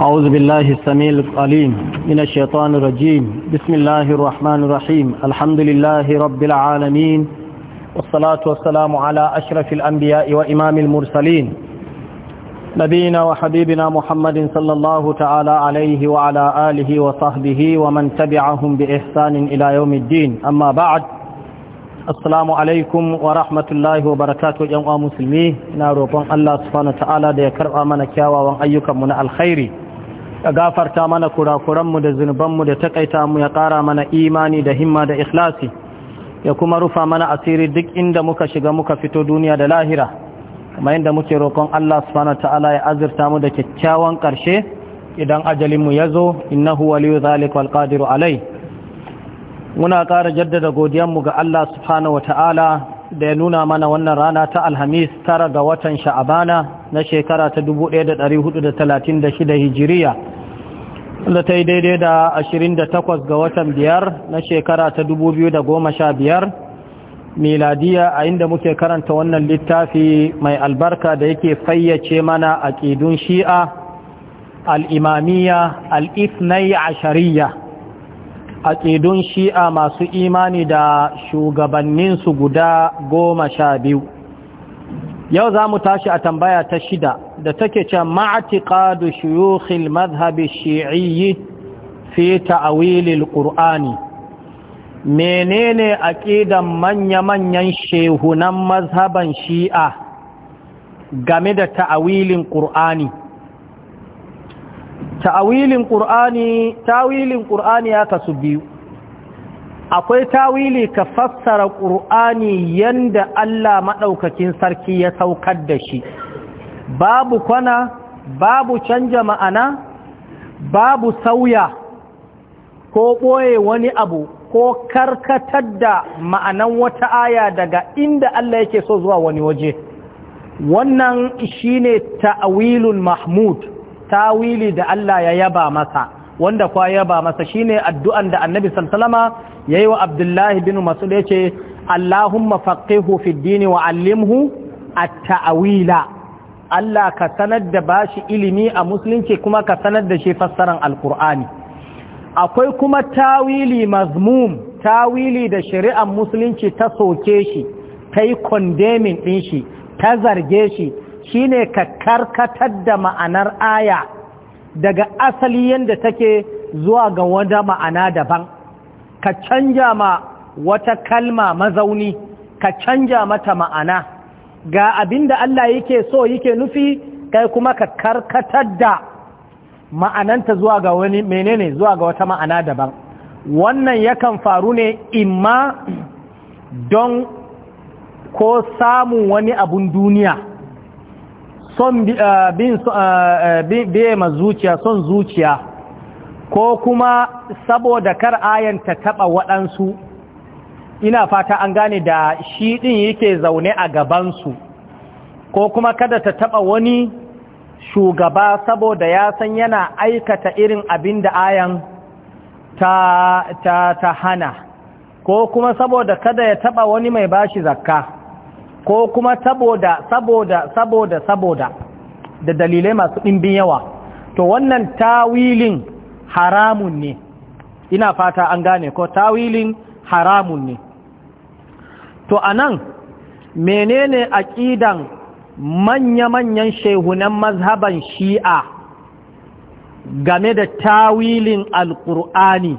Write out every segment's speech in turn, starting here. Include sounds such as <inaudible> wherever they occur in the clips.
أعوذ بالله السميع العليم من الشيطان الرجيم بسم الله الرحمن الرحيم الحمد لله رب العالمين والصلاة والسلام على أشرف الأنبياء وإمام المرسلين نبينا وحبيبنا محمد صلى الله تعالى عليه وعلى آله وصحبه ومن تبعهم بإحسان إلى يوم الدين أما بعد السلام عليكم ورحمة الله وبركاته barakatu yan uwa الله سبحانه وتعالى ديكر آمنا كاوا da ya karɓa ka gafarta mana kurakuranmu da zunubanmu da takaita mu ya ƙara mana imani da himma da ikhlasi ya kuma rufa mana asiri duk inda muka shiga muka fito duniya da lahira kuma inda muke roƙon Allah subhanahu ta'ala ya azurta mu da kyakkyawan ƙarshe idan ajalinmu ya zo innahu waliyu zalika wal qadiru alai muna ƙara jaddada mu ga Allah subhanahu ta'ala da ya nuna mana wannan rana ta alhamis tara ga watan sha'abana na shekara ta 1436 hijiriya wanda ta yi daidai da 28 ga watan biyar na shekara ta 2015 miladiya a inda muke karanta wannan littafi mai albarka da yake fayyace mana a ƙidun shi'a al'imamiya al'ifnai shari'a a ƙidun shi'a masu imani da shugabanninsu guda goma sha biyu yau za mu tashi a tambaya ta shida da take ce ma'atiqadu shuyukhil madhhabi shi'iyyi fi ta'wilil qur'ani menene aqidan manya-manyan shehunan mazhaban shi'a game da ta'awilin qur'ani ta'awilin qur'ani ta'awilin qur'ani ya kasu biyu akwai tawili ka fassara ƙur'ani yanda Allah maɗaukakin sarki ya saukar da shi babu kwana babu canja ma'ana babu sauya ko ɓoye wani abu ko karkatar da ma'anan wata aya daga inda Allah yake so zuwa wani waje wannan shine ta'awilun mahmud tawili da Allah ya yaba masa wanda kwaya ba masa shine addu'an da annabi sallama yayi wa abdullahi bin mas'ud yace allahumma faqihu fid din wa allimhu at-ta'wila Allah ka sanar da bashi ilimi a musulunci kuma ka sanar da shi fassaran alqur'ani akwai kuma tawili mazmum tawili da shari'ar musulunci ta soke shi ta yi condemning din shi ta zarge shi shine ka karkatar da ma'anar aya daga asali yadda take zuwa ga wata ma'ana daban ka canja ma wata kalma mazauni ka canja mata ma'ana ga abinda Allah yake so yake nufi kai kuma ka karkatar da ma'ananta zuwa ga wani menene zuwa ga wata ma'ana daban wannan yakan faru ne imma don ko samun wani abun duniya son eh, eh, eh, biye ma zuciya son zuciya ko kuma saboda kar ayan ta taɓa waɗansu ina fata an gane da shi ɗin yake zaune a gabansu ko kuma kada ta taɓa wani shugaba saboda ya san yana aikata irin abin da ayan ta, hana ko kuma saboda kada ya taɓa wani mai bashi zakka ko kuma saboda saboda saboda saboda da dalilai masu ɗimbin yawa to wannan tawilin haramun ne ina fata an gane ko tawilin haramun ne to anan menene aƙidan manya-manyan shehunan mazhaban shi'a game da tawilin Alkur'ani?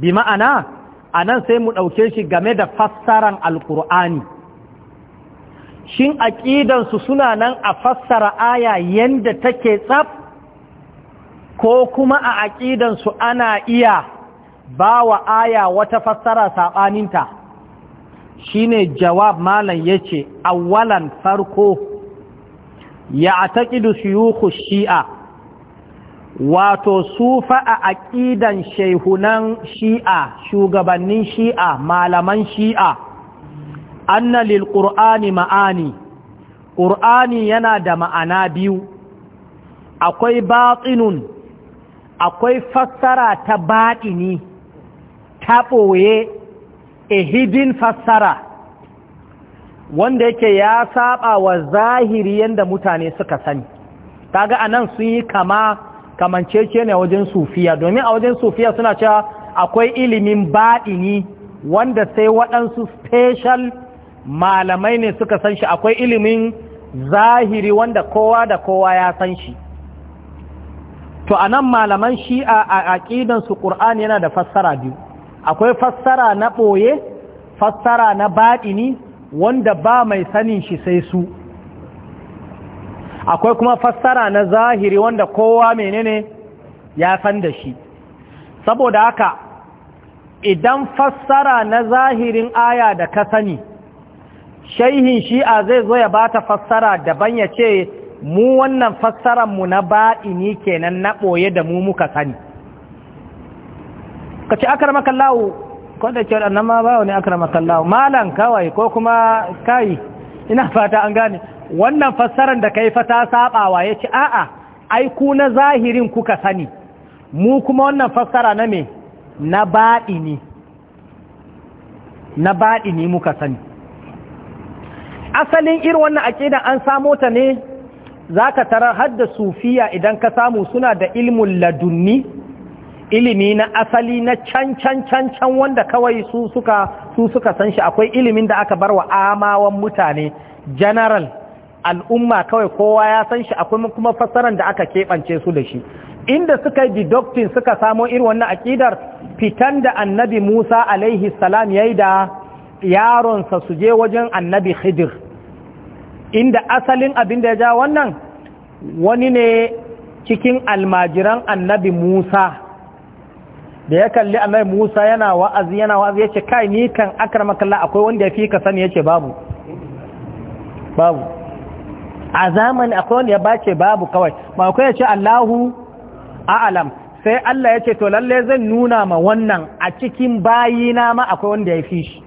bi ma'ana anan sai mu ɗauke shi game da fassaran alƙur'ani shin aƙidansu suna nan a fassara aya yadda take tsaf ko kuma a aƙidansu ana iya ba wa aya wata fassara saɓaninta shine jawab malam ya ce awwalan farko ya taƙidu shiyuku shi'a wato sufa a aƙidan shehunan shi'a shugabannin shi'a malaman shi'a anna lil qur'ani ma'ani qur'ani yana da ma'ana biyu akwai batinun akwai fassara ta baɗini ta ɓoye a hidin fassara wanda yake ya saba wa zahiri yadda mutane suka sani kaga anan sun yi kama kamancece ne wajen sufiya domin a wajen sufiya suna cewa akwai ilimin baɗini wanda sai waɗansu special malamai ne suka san shi akwai ilimin zahiri wanda kowa da kowa ya san shi to anan malaman shi'a a su ƙur'ani yana da fassara biyu akwai fassara na boye fassara na baɗini wanda ba mai sanin shi sai su akwai kuma fassara na zahiri wanda kowa menene ya san da shi saboda haka idan fassara na zahirin aya da ka sani shaihin shi'a zai zo ya bata fassara daban ya ce mu wannan mu na ba'ini kenan na ɓoye da mu muka sani ka ce akar makallawo ko da ke waɗannan ma ba wani akar makallawo malan kawai ko kuma kayi ina fata an gane wannan fassarar da kai fata sabawa ya ce a'a ai ku na zahirin kuka sani mu kuma wannan fassara na me na ba'ini na ba'ini muka sani asalin irin wannan aƙidan an samo ta ne za ka tarar hadda sufiya idan ka samu suna da ilmin ladunni ilimi na asali na can can can can wanda kawai su suka su suka san shi akwai ilimin da aka bar wa amawan mutane general al'umma kawai kowa ya san shi akwai kuma fassaran da aka keɓance su da shi inda suka yi deducting suka samo irin wannan aƙidar fitan da annabi musa alaihi salam ya yi da yaronsa su je wajen annabi khidir inda asalin abin da ya ja wannan wani ne cikin almajiran annabi Musa da ya kalli annabi Musa yana wa'azi yana wa'azi yace kai ni kan akramakallah akwai wanda ya fi ka sani ce babu babu a zamani akwai wanda ya bace babu kawai ba akwai yace Allahu A'alam sai Allah yace to lalle zan nuna ma wannan a cikin bayina ma akwai wanda ya fi shi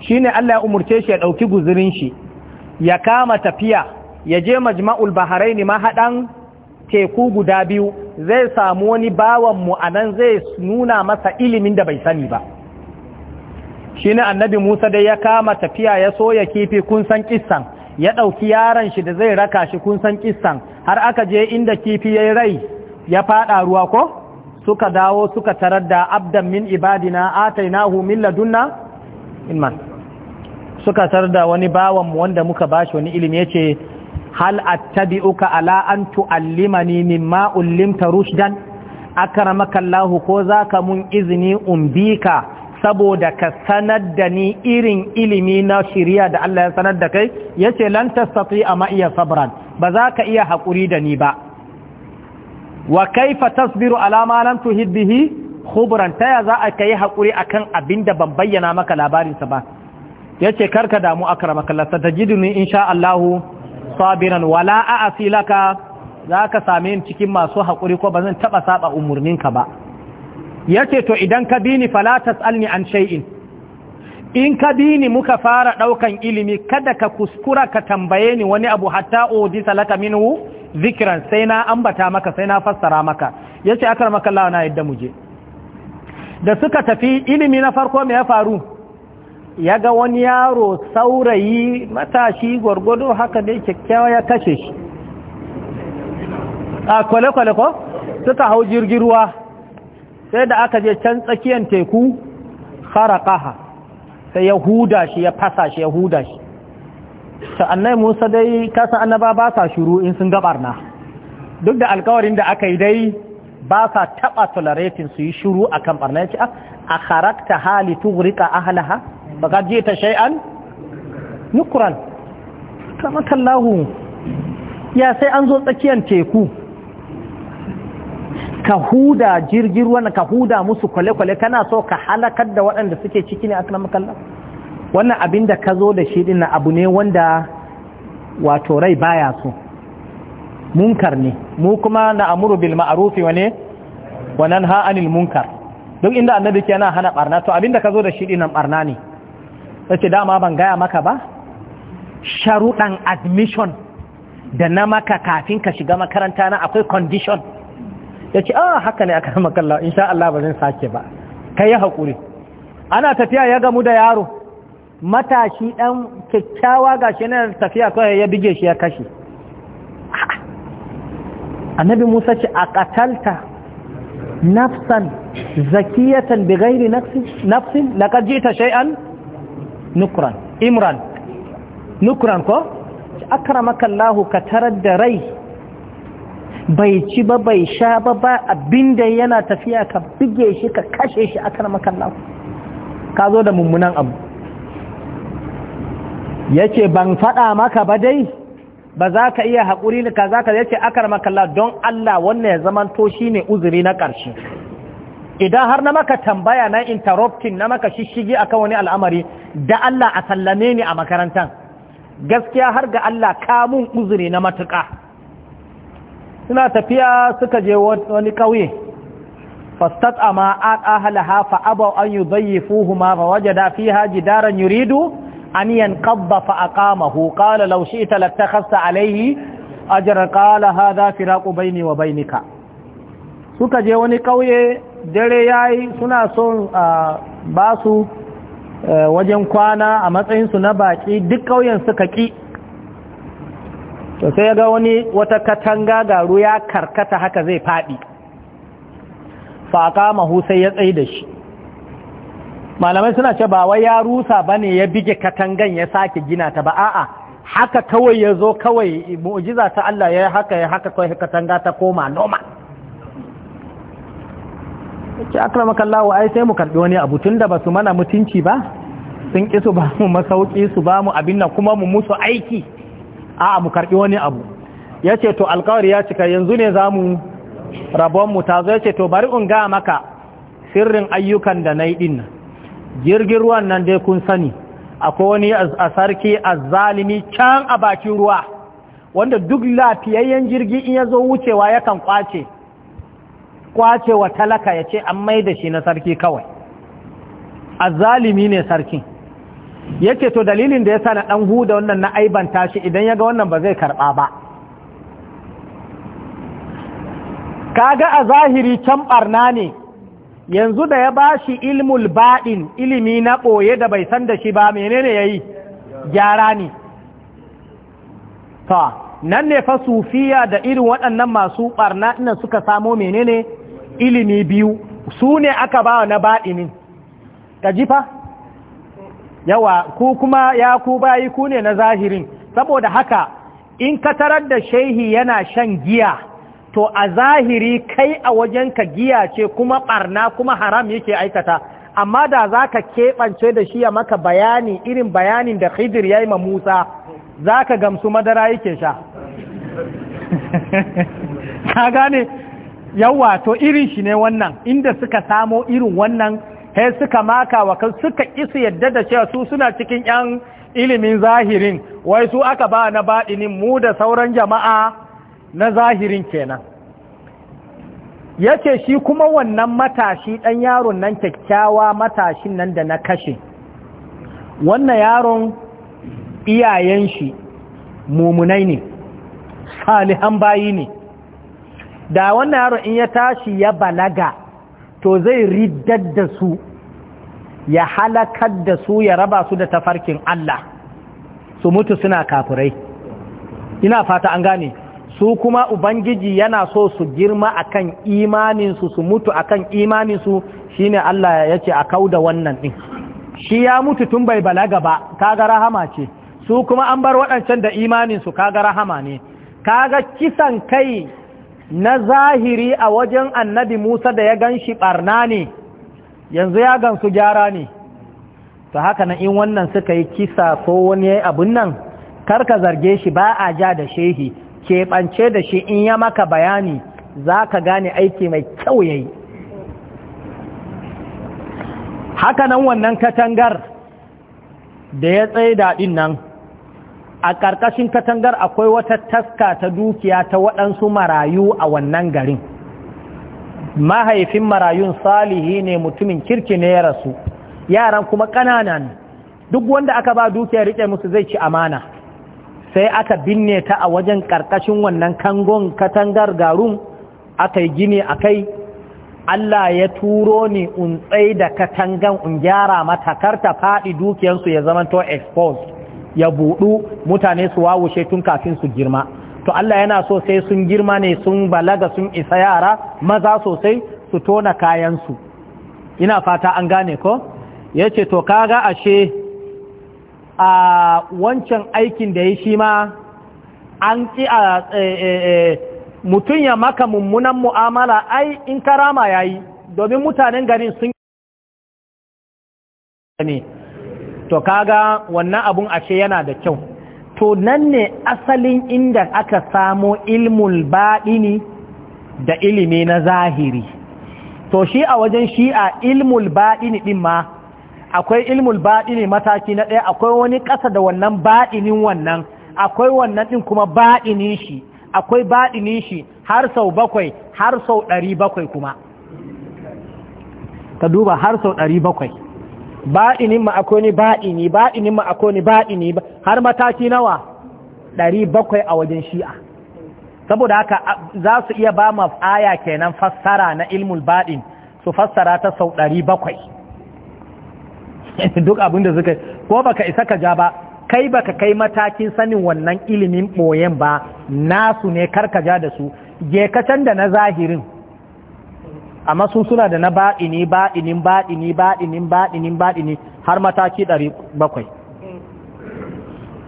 shine Allah ya umurce shi ya ɗauki guzurin shi ya kama tafiya ya je majma'ul ma mahaɗan teku guda biyu zai samu wani bawanmu a nan zai nuna masa ilimin da bai sani ba shi ne annabi musa dai ya kama tafiya ya soya kifi kun san kissan ya ɗauki yaran shi da zai raka shi kun san kissan har aka je inda kifi ya rai ya faɗa ruwa ko suka dawo suka tarar da abdan min ibadina atainahu min ladunna in man suka da wani bawan wanda muka bashi wani ilimi yace hal attabi'uka ala an tu'allimani mimma ullimta rushdan akramaka Allah ko zaka mun izini umbika saboda ka sanar da ni irin ilimi na shiriya da Allah ya sanar da kai yace lan tastati ama iya sabran ba za ka iya hakuri da ni ba wa kaifa tasbiru ala ma lam tuhid bihi khubran taya za a yi hakuri akan abinda ban bayyana maka labarin sa ba yace karka damu akramakallah in insha allahu sabiran wala a asilaka za ka same yin cikin masu haƙuri ko ba zan taɓa saba ka ba yace to idan ka bini falatas alni an sha'in in ka bini muka fara ɗaukan ilimi kada ka kuskura ka tambaye ni wani abu hatta odi salaka minhu zikiran sai na ambata maka sai na fassara maka yace akramakallah na yadda muje da suka tafi ilimi na farko me ya faru ya ga wani yaro saurayi matashi gwargwado haka dai kyakkyawa ya kashe shi a kwale-kwale ko suka hau jirgin ruwa sai da aka je can tsakiyar teku harakaha sai ya huda shi ya fasa shi ya huda shi sa'annai musa dai kasan annaba ba sa shuru in sun ɓarna duk da alkawarin da aka yi dai ba sa taɓa tolaretin su yi shuru a kan ɓarna ya ce a ah, harakta hali tugurika ahalaha baka ji ta shay'an nukran kama kallahu ya sai an zo tsakiyar teku ka huda jirgin ruwa, ka huda musu kwale-kwale kana so ka halakar da waɗanda suke ciki ne akan makalla wannan abin da ka zo da shi din abu ne wanda wato rai baya so munkar ne mu kuma na amuru bil ma'arufi wa wa nan ha anil munkar inda annabi hana to abin da ka zo da shi barna ne yace dama ban gaya maka ba sharuɗan admission da na maka kafin ka shiga makaranta na akwai condition yace ah haka ne a kan makalla insha Allah ba zan sake ba kai hakuri ana tafiya ya gamu da yaro matashi ɗan kyakkyawa shi na tafiya kawai ya bige shi ya kashe annabi Musa ce a ƙatalta nafsan zakiyatan bighairi nafsin nafsin ji jita shai'an nukran imran nukran ko akramakallahu ka tarar da rai bai ci ba bai sha ba ba abinda yana tafiya ka bige shi ka kashe shi akramakallahu ka zo da mummunan abu yace ban fada maka ba dai ba za ka iya haƙuri ka za ka yace akramakallahu don Allah wannan ya zamanto shine uzuri na ƙarshe idan har na maka tambaya na interrupting na maka shishigi akan wani al'amari da Allah a sallame ni a makarantar gaskiya har ga Allah kamun uzuri na matuƙa suna tafiya suka je wani ƙauye fastat ama ahalaha fa abaw an da fa wajada fiha jidaran yuridu an yanqadha fa aqamahu qala law shi'ta latakhasta alayhi ajra qala hadha bai ni wa nika. suka je wani ƙauye dare ya yi suna son a ba su e, wajen kwana a matsayinsu na baƙi duk ƙauyen suka ƙi to sai ya ga wani wata katanga garu ya karkata haka zai faɗi faƙa mahu sai ya tsaye da shi malamai suna ce ba wai ya rusa ba ne ya bige katangan ya sake gina ta ba a'a haka kawai ya zo kawai mu'ujiza ta Allah ya haka ya haka kawai katanga ta koma noma ce akramakallahu ai sai mu karbi wani abu tunda ba su mana mutunci ba sun kisu su ba mu masauki su ba mu abin nan kuma mu musu aiki a mu karbi wani abu yace to alkawari ya cika yanzu ne zamu rabon mu Tazo zo ya to bari in ga maka sirrin ayyukan da nayi yi din jirgin ruwan nan dai kun sani akwai wani a sarki a can a bakin ruwa wanda duk lafiyayyen jirgi in ya zo wucewa yakan kwace kwace wa talaka ya ce an mai da shi na sarki kawai zalimi ne sarki yake to dalilin da ya sa na ɗan huda wannan na aiban shi idan ya ga wannan ba zai karɓa ba kaga a zahiri can ɓarna ne yanzu da ya ba shi ilmul baɗin ilimi na ɓoye da bai san da shi ba menene ya yi gyara ne ta nan ne fa sufiya da irin waɗannan masu ɓarna ina suka samo menene ilimi biyu su ne aka ba na baɗinin ka jifa yawa ku kuma ya ku bayi ku ne na zahirin saboda haka in ka tarar da shehi yana shan giya to a zahiri kai a wajen ka giya ce kuma ɓarna kuma haram yake aikata amma da za ka keɓance da shi ya maka bayani irin bayanin da khidir ya yi ma musa za ka gamsu madara yake sha <laughs> ka gane yawa to irin shi ne wannan inda suka samo irin wannan he suka maka wa kan suka isa yadda da cewa su suna cikin yan ilimin zahirin wai su aka ba na baɗinin mu da sauran jama'a na zahirin kenan yace shi kuma wannan matashi ɗan yaron nan kyakkyawa matashin nan da na kashe wannan yaron iyayen shi mumunai ne salihan bayi ne da wannan yaro in ya tashi ya balaga to zai riddar da su ya halakar da su ya raba su da tafarkin Allah su mutu suna kafirai ina fata an gane su kuma ubangiji yana so su girma akan imaninsu su mutu akan imaninsu shine Allah ya ce a kauda wannan din shi ya mutu tun bai balaga ba kaga rahama ce su kuma an bar waɗancan da imaninsu kaga rahama ne kaga kisan kai na zahiri a wajen annabi Musa da ya gan shi ɓarna ne yanzu ya gansu gyara ne ta haka na in wannan suka yi kisa ko wani ya yi abin nan karka zarge shi ba a ja da shehi keɓance da shi in ya maka bayani za ka gane aiki mai kyau ya yi haka nan wannan katangar da ya tsaye daɗin nan a ƙarƙashin katangar akwai wata taska ta dukiya ta waɗansu marayu a wannan garin mahaifin marayun salihi ne mutumin kirki ne ya rasu yaran kuma ƙanana ne duk wanda aka ba dukiya riƙe musu zai ci amana sai aka binne ta a wajen ƙarƙashin wannan kangon katangar garun aka yi gini a kai Allah ya turo ni in tsai da katangan in gyara mata kar ta faɗi dukiyansu ya zama to exposed ya buɗu mutane su wawushe tun kafin su girma to Allah yana so sai sun girma ne sun balaga sun isa yara maza sosai su tona kayansu ina fata an gane ko ya ce to kaga ashe a wancan aikin da ya shi ma an ƙi a e, e, e, mutum ya maka mummunan mu'amala ai in karama ya yi domin mutanen garin sun ne to kaga wannan abun ashe yana da kyau to nan ne asalin inda aka samo ilmul baɗini da ilimi na zahiri to shi a wajen shi a ilmul baɗini ɗin ma akwai ilmul baɗini mataki na ɗaya akwai wani ƙasa da wannan baɗinin wannan akwai wannan ɗin kuma baɗinin shi akwai baɗinin shi har sau bakwai har sau ɗari bakwai kuma ka duba har sau ɗari bakwai baɗinin ma akwai ni baɗini baɗinin ma akwai ni har mataki nawa ɗari bakwai a wajen shi'a saboda haka za su iya ba ma aya kenan fassara na ilmul ba'in su fassara ta sau ɗari bakwai <laughs> duk abinda suka ko baka isa ka ja ba kai baka kai matakin sanin wannan ilimin ɓoyen ba nasu ne karkaja ja da su je ka da na zahirin amma sun suna da na baɗini baɗinin baɗini baɗinin baɗinin baɗini har mataki ɗari bakwai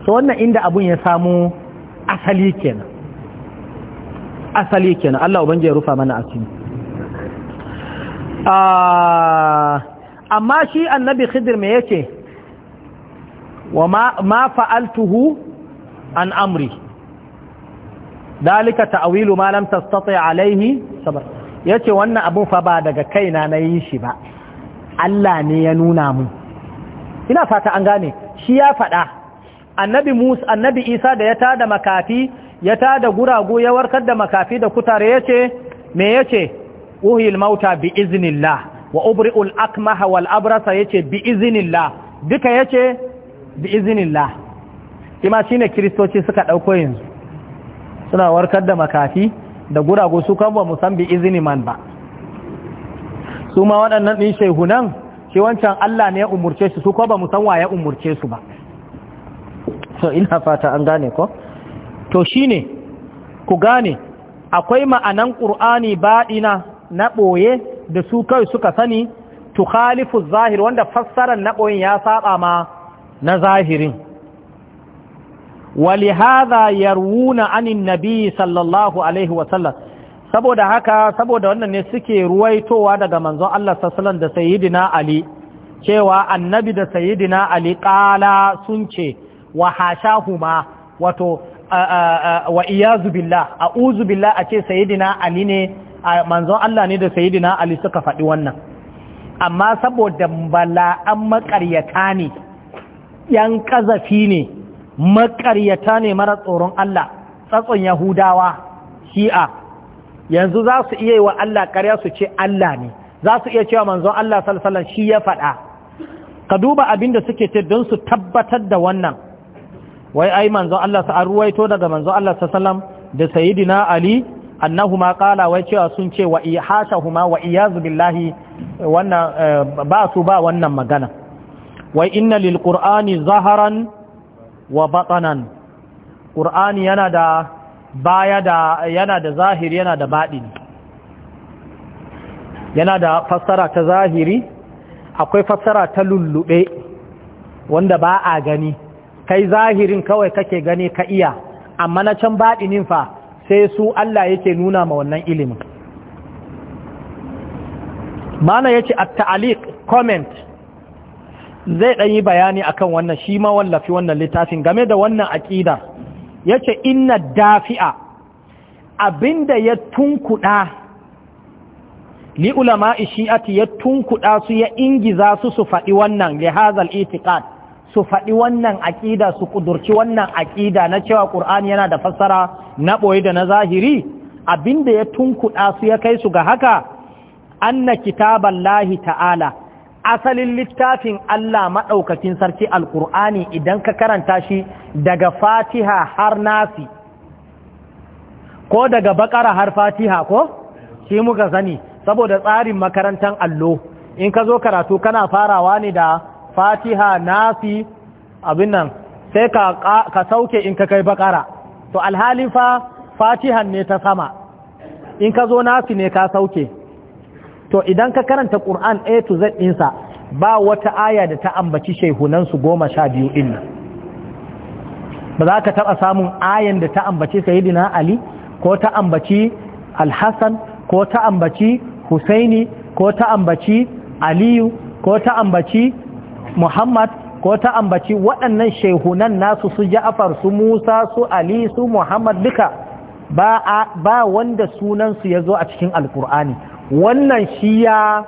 so wannan inda abun ya samu asali kenan asali kenan Allah ubangiji ya rufa mana asiri ah, amma shi annabi khidir me yake wa ma fa'altuhu an amri dalika ta'wilu ma lam tastati alayhi sabr ya ce wannan abun fa ba daga kaina na yi shi ba Allah ne ya nuna mu ina fata an gane shi ya faɗa annabi musa annabi isa da ya tada makafi ya tada guragu ya warkar da makafi da kutare ya ce me ya ce uhil mauta bi iznillah wa ubri'ul akmaha wal abrasa ya ce bi iznillah duka ya ce bi iznillah ima shine kiristoci suka ɗauko yanzu suna warkar da makafi da guragu su kan ba mu bi izini man ba su ma waɗannan ɗin shehunan shi wancan Allah ne ya umurce su su ko ba mu san wa ya umurce su ba to ina fata an gane ko to shine ku gane akwai ma'anan ƙur'ani baɗina na ɓoye da su kai suka sani tukhalifu zahir wanda fassarar na ya saba ma na zahirin ولهذا يروون عن النبي صلى الله عليه وسلم saboda haka saboda wannan ne suke ruwaitowa daga manzon Allah sallallahu da sayyidina Ali cewa annabi da sayyidina Ali qala sun ce wa hashahuma wato wa iyazu billah a'uzu billah a ce sayyidina Ali ne manzon Allah ne da sayyidina Ali suka faɗi wannan amma saboda an maƙaryata ne yan kazafi ne maƙaryata ne mara tsoron Allah tsatson yahudawa shi'a yanzu za su iya yi wa Allah ƙarya su ce Allah ne za su iya cewa manzon Allah sallallahu shi ya faɗa ka duba abin da suke ce don su tabbatar da wannan wai ai manzon Allah sa ruwaito daga manzon Allah sallallahu da sayyidina Ali annahu qala wai cewa sun ce wa ihashahuma wa iyaz billahi wannan eh, ba su ba wannan magana wai inna lil qur'ani zaharan wa batanan ƙur'ani yana da baya da yana da zahiri yana da baɗi, yana da fassara ta zahiri akwai fassara ta lullube wanda ba a gani kai zahirin kawai kake gani ka iya amma na can baɗinin fa sai su Allah yake nuna ma wannan ilimin mana yace at-ta'liq comment zai ɗanyi bayani akan wannan shi ma wallafi wannan littafin game da wannan aƙidar ya ce inna dafi'a abinda ya tunkuɗa li ulama ya tunkuɗa su ya ingiza su su faɗi wannan lihazal itiƙad su faɗi wannan aƙida su ƙudurci wannan aƙida na cewa ƙur'ani yana da fassara na ɓoye da na zahiri abinda ya tunkuɗa su ya kai su ga haka anna kitaballahi ta'ala asalin littafin Allah maɗaukacin sarki alkur'ani idan ka karanta shi daga fatiha har nasi ko daga bakara har fatiha ko shi muka sani saboda tsarin makarantar allo in ka zo karatu kana farawa ne da fatiha nasi abin nan sai ka, ka sauke in ka kai bakara to alhali fa fatihan ne ta sama in ka zo nasi ne ka sauke to idan ka karanta Qur'an A to ɗinsa ba wata aya da ta ambaci shaihunansu goma sha biyu ɗin nan ba za ka taɓa samun ayan da ta ambaci Sayyidina Ali ko ta ambaci Alhassan ko ta ambaci Husaini ko ta ambaci Aliyu ko ta ambaci Muhammad ko ta ambaci waɗannan shehunan nasu su Ja'far su Musa su Ali su Muhammad duka ba wanda sunansu ya zo a cikin Alkur'ani wannan shi ya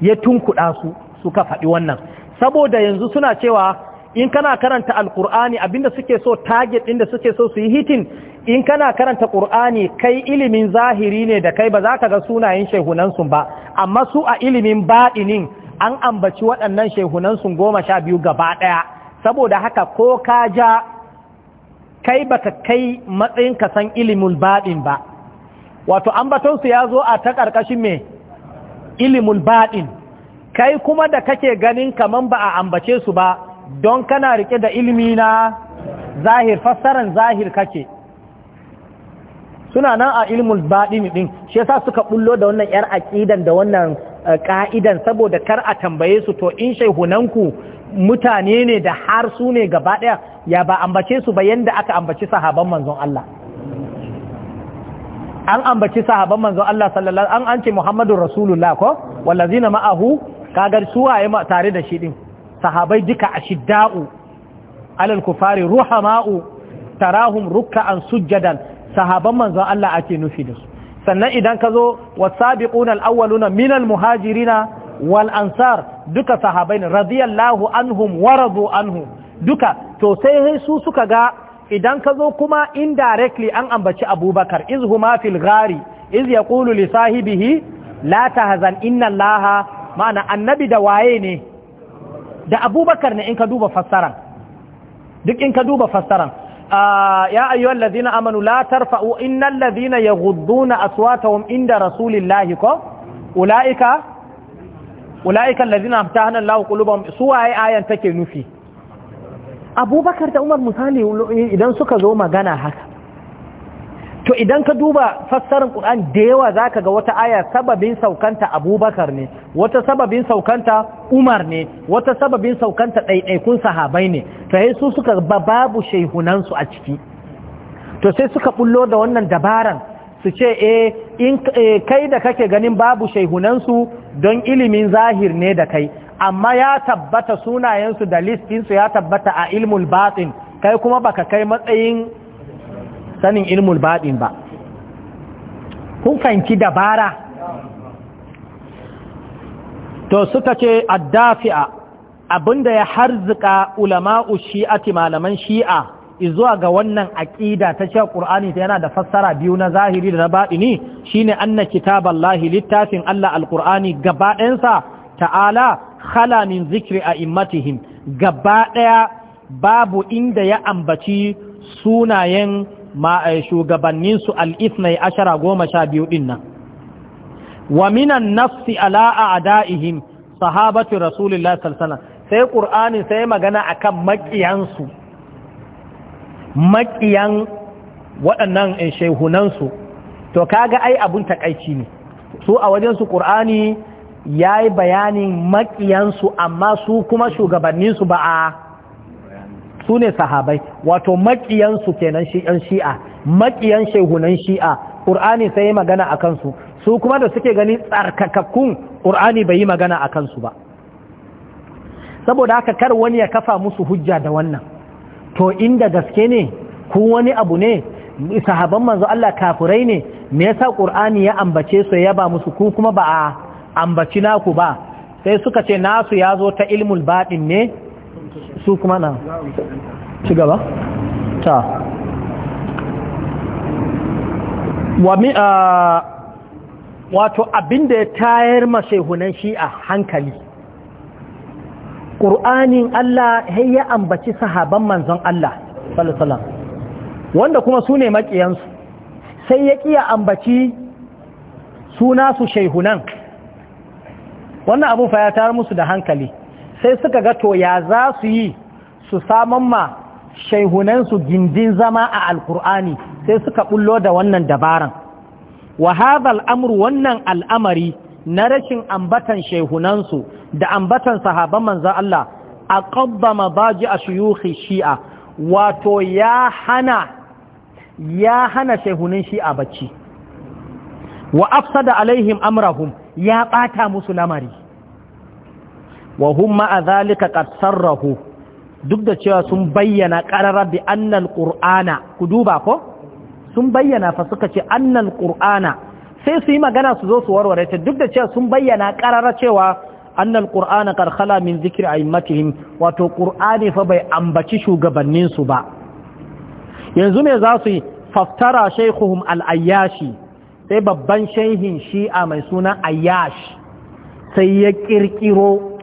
ya tunkuɗa su suka faɗi wannan saboda yanzu suna cewa in kana karanta alkur'ani abinda suke so target inda suke so su yi hitin in kana karanta ƙur'ani kai ilimin zahiri ne da kai ba za ka ga sunayen shehunansu ba amma su a ilimin baɗinin an ambaci waɗannan shehunansu goma sha biyu gaba ɗaya saboda haka ko ka ja kai baka kai matsayin ka san ilimin baɗin ba wato ambatonsu ya zo a ta ƙarƙashin mai ilimul baɗin kai kuma da kake ganin kaman ba a ambace su ba don kana rike da ilimi na zahir fassaran zahir kake suna nan a ilimul baɗin ɗin shi yasa suka bullo da wannan 'yar aƙidan da wannan eh, ƙa'idan saboda kar a tambaye su to in shaihunanku mutane ne da har su ne gaba ɗaya ya ba ambace su ba yadda aka ambaci sahaban manzon Allah an ambaci sahaban manzon Allah sallallahu an an ce Muhammadur Rasulullah ko wallazina ma'ahu kagar suwaye tare da shi din sahabai duka ashidda'u alal kufari ruhama'u tarahum ruk'an sujjadan sahaban manzon Allah ake nufi da su sannan idan ka zo wasabiquna alawwaluna minal muhajirina wal ansar duka sahabain radiyallahu anhum waradu anhu duka to sai su suka ga idan ka zo kuma indirectly an ambaci abubakar iz huma fil ghari iz yaqulu li sahibihi la tahzan inna allaha ma'ana annabi da waye ne da abubakar ne in ka duba fassara, duk in ka duba fassara. Ah, ya ayyuhal ladina amanu la tarfa'u innal ladina yaghudduna aswatahum inda rasulillahi ko ulaika ulaika alladhina amtahana allahu qulubahum suwaye ayan take nufi abubakar da umar misali idan suka zo magana haka to idan ka duba fassarin ƙuran da yawa za ka ga wata aya sababin saukanta abubakar ne wata sababin saukanta umar ne wata sababin saukanta ɗaiɗaikun sahabai ne ta yi su suka babu shaihunansu a ciki to sai suka bullo da wannan dabaran su ce e kai da kake ganin babu shehunansu don ilimin zahir ne da kai amma ya tabbata sunayensu da listinsu ya tabbata a ilmul batin kai kuma baka kai matsayin sanin ilmul batin ba kun fahimci dabara to suka ce addafi'a abinda ya harzika ulama'u shi'ati malaman shi'a izuwa ga wannan aƙida ta ce ƙur'ani yana da fassara biyu na zahiri da na baɗini shine anna kitaballahi littafin Allah alqur'ani gaba ɗayansa ta'ala khala min zikri a immatihim gaba ɗaya babu inda ya ambaci sunayen eh, shugabanninsu al'ifnai ashara goma sha biyu ɗin wa minan nafsi ala a da'ihim sahabatu rasulullah salsana sai ƙur'ani sai magana akan maƙiyansu maƙiyan waɗannan eh, shehunansu to kaga ai abin takaici ne su a wajensu ƙur'ani ya yi bayanin maƙiyansu amma su kuma shugabanninsu ba a su ne sahabai wato maƙiyansu kenan shi'an shi'a maƙiyan shehunan shi'a ƙur'ani sai yi magana a kansu su kuma da suke gani tsarkakakkun ƙur'ani bai yi magana a kansu ba saboda haka kar wani ya kafa musu hujja da wannan to inda gaske ne ku wani abu ne sahaban manzo Allah kafurai ne me yasa ƙur'ani ya ambace su ya ba musu ku kuma ba a ambaci naku ba sai suka ce nasu ya zo ta ilmul baɗin ne su kuma na ci gaba ta wato abinda ya tayar mashehunan shi'a hankali ƙur'anin Allah ya ambaci sahaban manzon Allah salasalam wanda kuma su ne maƙiyansu sai ya ƙiya ambaci suna su shehunan wannan abun fa ya tayar musu da hankali sai suka ga to ya za su yi su saman ma shaihunansu gindin zama a alkur'ani sai suka bullo da wannan dabaran wahabal amru wannan al'amari na rashin ambatan shaihunansu da ambatan sahaban manzan Allah aqabba baji a shuyukhi shi'a wato ya hana ya hana shaihunin shi'a bacci wa afsada alaihim amrahum ya ɓata musu lamari wa humma a zalika ƙasarrahu duk da cewa sun bayyana ƙararar bi annal ƙur'ana ku duba ko sun bayyana fa suka ce annal ƙur'ana sai su yi magana su zo su warware ta duk da cewa sun bayyana ƙararar cewa annal ƙur'ana karkhala min zikir a wato ƙur'ani fa bai ambaci shugabanninsu ba yanzu me za su yi faftara shaikuhum al'ayyashi sai babban shehin shi'a mai suna ayyash sai ya kirkiro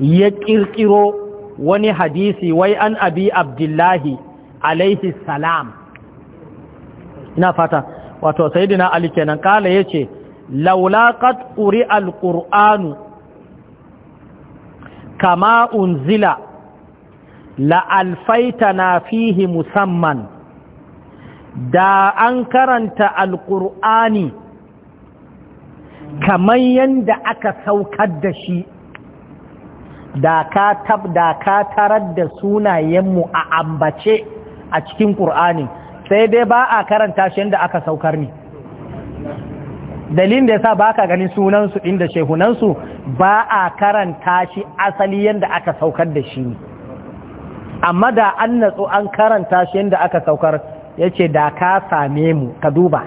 ya kirkiro wani hadisi wai an abi abdullahi alaihi salam ina fata wato sayidina ali kenan kala yace laula qad quri alquranu kama unzila la alfaitana fihi musamman da an karanta alƙur'ani kamar yadda aka saukar da shi da ka tarar da sunayenmu a ambace a cikin ƙur'ani sai dai ba a karanta shi yadda aka saukar ne dalilin da yasa ba ka sunan sunansu inda shehunansu ba a karanta shi asali yadda aka saukar da shi amma da an natsu an karanta shi yadda aka saukar ya ce da ka same mu ka duba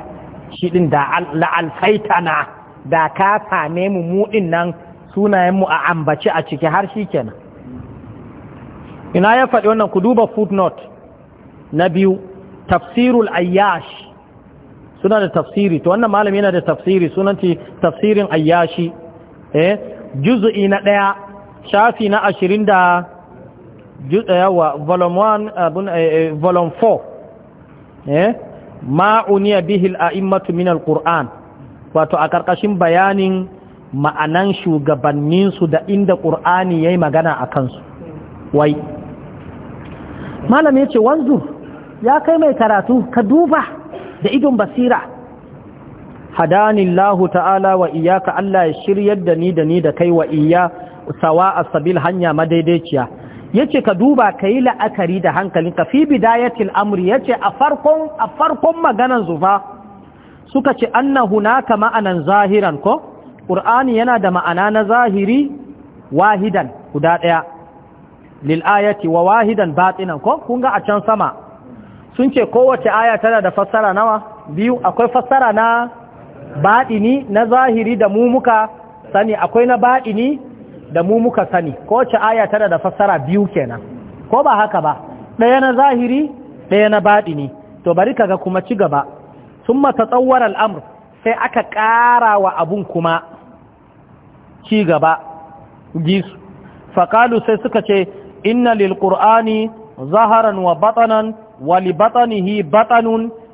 shi ɗin da la'alfaitana da ka same mu muɗin nan sunayenmu a ambaci a ciki har shi kenan ina ya faɗi wannan ku duba footnote na biyu tafsirul ayyashi suna da tafsiri to wannan malami yana da tafsiri sunanci tafsirin ayyashi eh juz'i na ɗaya shafi na ashirin da eh, yawa volume 1 eh, eh, volume 4 Ma'uni eh? ma uniya bihi al-a'immatu min al wato a karkashin bayanin ma'anan shugabannin su da inda qur'ani yayi magana a kansu wai malam yace wanzu ya kai mai karatu ka duba da idon basira Hadani, hadanillahu ta'ala wa iyyaka Allah ya shiryar da ni da ni da kai wa iyya sawa as-sabil hanya madaidaiciya yace ka duba ka yi la'akari da hankalin ka fi bidayatil amri yace a farkon a farkon maganan zufa suka ce anna hunaka ma'anan zahiran ko qur'ani yana da ma'ana na zahiri wahidan guda daya lil wa wahidan batinan ko kun ga a can sama sun ce kowace aya tana da fassara nawa biyu akwai fassara na baɗini na zahiri da mu muka sani akwai na baɗini da mu muka sani ko ce aya tana da fassara biyu kenan ko ba haka ba ɗaya na zahiri ɗaya na baɗi ne to bari kaga kuma ci gaba sun mata tsawar al'amur sai aka ƙara wa abun kuma ci gaba gisu faƙalu sai suka ce inna lil ƙur'ani zaharan wa batsanan wa li batanihi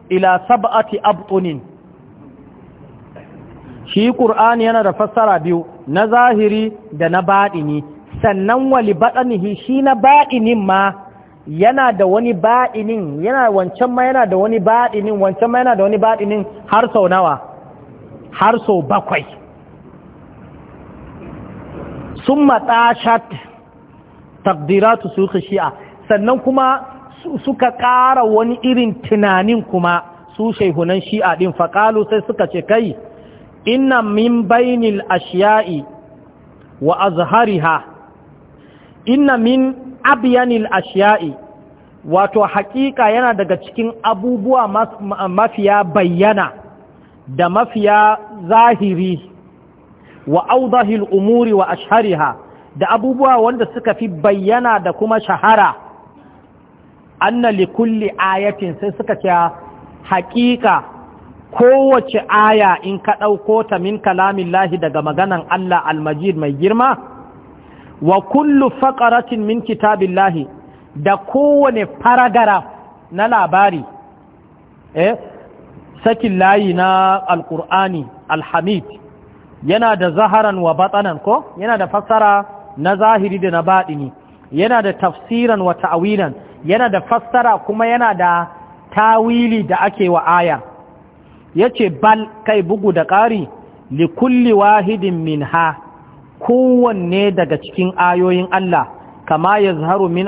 ila sab'ati abtunin shi ƙur'ani yana da fassara biyu na zahiri da na baɗini sannan wali baɗanihi shi na baɗinin ma yana da wani baɗinin yana wancan ma yana da wani baɗinin wancan ma yana da wani baɗinin har sau nawa har sau bakwai sun matashat takdiratu su shi'a sannan kuma suka ƙara wani irin tunanin kuma su shaihunan shi'a ɗin faƙalu sai suka ce kai inna min bainil ashiya'i wa azhariha inna min abyanil ashiya'i wato hakika yana daga cikin abubuwa mafiya bayyana da mafiya zahiri wa audahil umuri wa ashariha da abubuwa wanda suka fi bayyana da kuma shahara anna li kulli ayatin sai suka ce haƙiƙa kowace aya in ka ɗauko ta min kalamin lahi daga maganan Allah almajid mai girma wa kullu faƙaratin min kitabin lahi da kowane faragara na labari eh sakin layi na alƙur'ani alhamid yana da zaharan wa batsanan ko yana da fassara na zahiri da na baɗini yana da tafsiran wa ta'awilan yana da fassara kuma yana da tawili da ake wa aya yace bal kai bugu da ƙari li kulli wahidin minha kowanne daga cikin ayoyin Allah kama ya zaharu min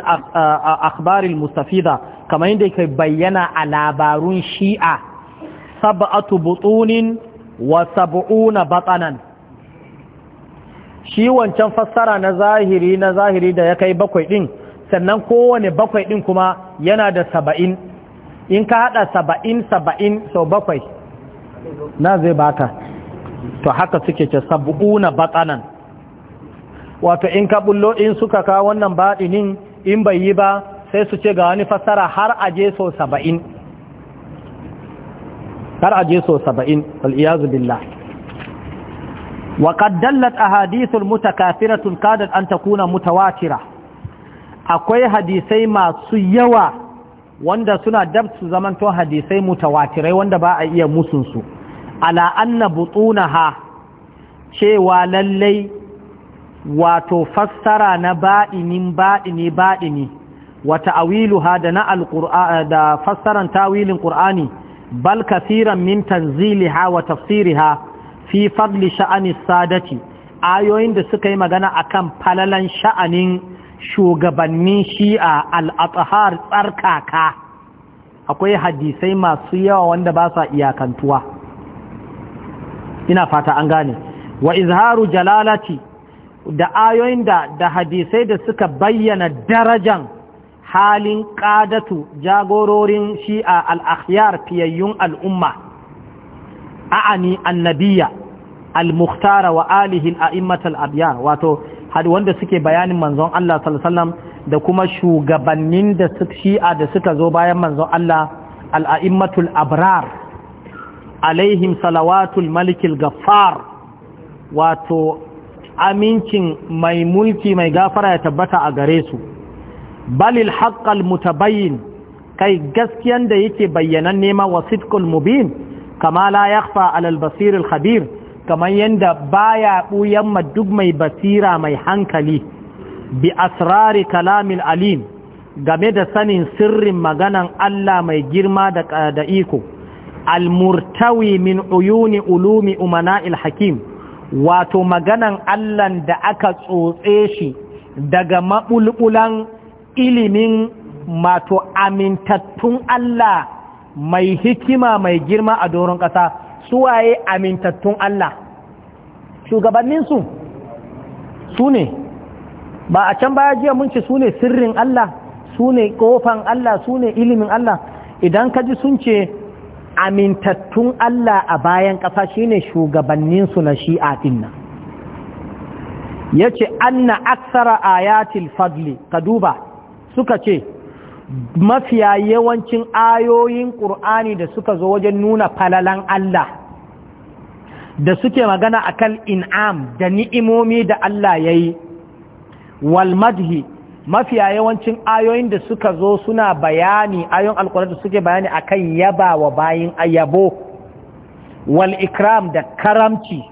akhbaril mustafida kama yadda ke bayyana a labarun shi'a sab'atu butunin wa sab'una batanan shi wancan fassara na zahiri na zahiri da ya kai bakwai din sannan kowane bakwai din kuma yana da saba'in in ka hada saba'in saba'in sau bakwai na zai baka to haka suke ce sab'una batanan wato in ka bullo in suka kawo wannan baɗinin in bai yi ba sai su ce ga wani fassara har aje so saba'in har aje so saba'in al'iyazu billah wa qaddallat ahadithul mutakafiratun kadat an takuna mutawatira akwai hadisai masu yawa wanda suna dab su zamanto hadisai mutawatirai wanda ba a iya musunsu ala anna ha cewa lallai wato fassara na ba'inin ba'ini ba'ini wa ta'awiluha da na da fassaran tawilin qur'ani bal kaseeran min tanziliha wa tafsiriha fi fadli sha'ani sadati ayoyin da suka yi magana akan falalan sha'anin shugabannin shi'a al'atahar tsarkaka akwai hadisai masu yawa wanda ba sa iyakantuwa ina fata an gane wa izharu jalalati da ayoyin da da hadisai da suka bayyana darajan halin ƙadatu jagororin shi'a al'akhyar fiyayyun al'umma a'ani annabiya al-mukhtara wa alihin a'immatal abiyar wato har wanda suke bayanin manzon Allah sallallahu da kuma shugabannin da shi'a da suka zo bayan manzon Allah al'a'immatul abrar alaihim salawatul malikil gaffar wato amincin mai mulki mai gafara ya tabbata a gare su balil haqqal mutabayyin kai gaskiyan da yake bayyanan nema wa mubin kama la yakhfa alal basiril khabir kamar yadda baya ɓuyan ma duk mai basira mai hankali bi asrari kalamil alim game da sanin sirrin maganan Allah mai girma da iko almurtawi min uyuni ulumi umana'il hakim wato maganan Allah da aka tsotse shi daga maɓulɓulan ilimin mato amintattun Allah mai hikima mai girma a doron ƙasa suwaye amintattun Allah shugabanninsu su ne ba a can baya jiya mun ce su ne sirrin Allah su ne kofan Allah su ne ilimin Allah idan ka ji sun ce amintattun Allah a bayan ƙasa shine shugabanninsu na shi'a nan. ya ce anna aksara ayatil fadli ka duba suka ce mafiya yawancin ayoyin ƙur'ani da suka zo wajen nuna falalan Allah da suke magana a kan in'am da ni'imomi da Allah ya yi walmadhi mafiya yawancin ayoyin da suka zo suna bayani ayon alkwarar da suke bayani akan yaba wa bayin ayyabo wal ikram da karamci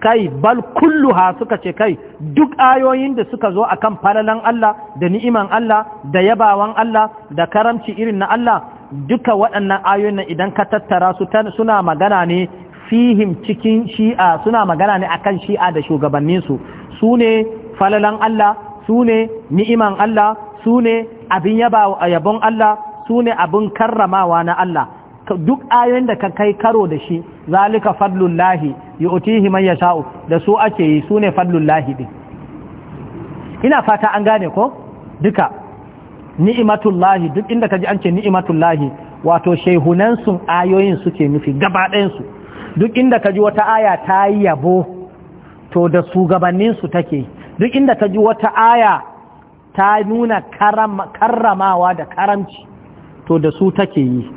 kai bal kullu ha suka ce kai duk ayoyin da suka zo akan falalan Allah da ni'iman Allah da yabawan Allah da karamci irin na Allah duka waɗannan ayoyin idan ka tattara su suna magana ne fihim cikin shi'a suna magana ne akan shi'a da shugabanninsu su ne falalan Allah su ne ni'iman Allah su ne abin yabon Allah su ne abin karramawa na Allah duk ayoyin da ka kai karo da shi zalika fadlullahi yu'tihi man yasha'u da su ake yi su ne fadlullahi din ina fata an gane ko duka ni'imatullahi duk inda ka ji an ce ni'imatullahi wato sun ayoyin suke nufi gaba ɗayansu duk inda ka ji wata aya ta yi yabo to da shugabanninsu take duk inda ka ji wata aya ta nuna karramawa da karamci to da su take yi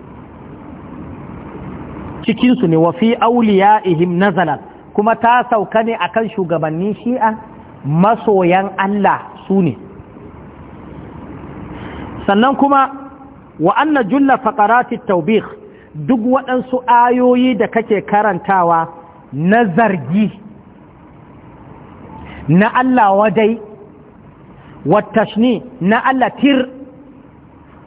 cikinsu ne wafi fi auliya ihim nazalat kuma ta sauka ne akan shugabannin shi'a masoyan Allah su ne sannan kuma wa julla faqarati tawbih duk waɗansu ayoyi da kake karantawa na zargi na Allah wadai wattashni na Allah tir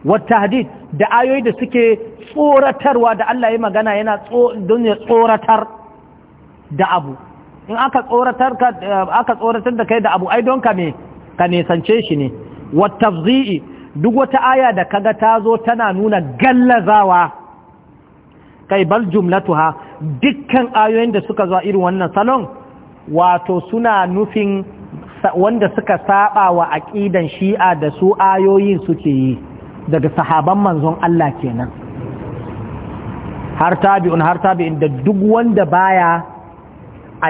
wattahdid da ayoyi da suke tsoratarwa da Allah ya magana yana don ya tsoratar da abu in aka tsoratar aka tsoratar da kai da abu ai don ka me ka nesance shi ne wattafzi'i duk wata aya da kaga ta zo tana nuna gallazawa kai bal jumlatuha dukkan ayoyin da suka zo irin wannan salon wato suna nufin wanda suka saba wa aqidan shi'a da su ayoyin suke yi daga sahaban manzon Allah kenan har tabi'un har tabi'in da duk wanda baya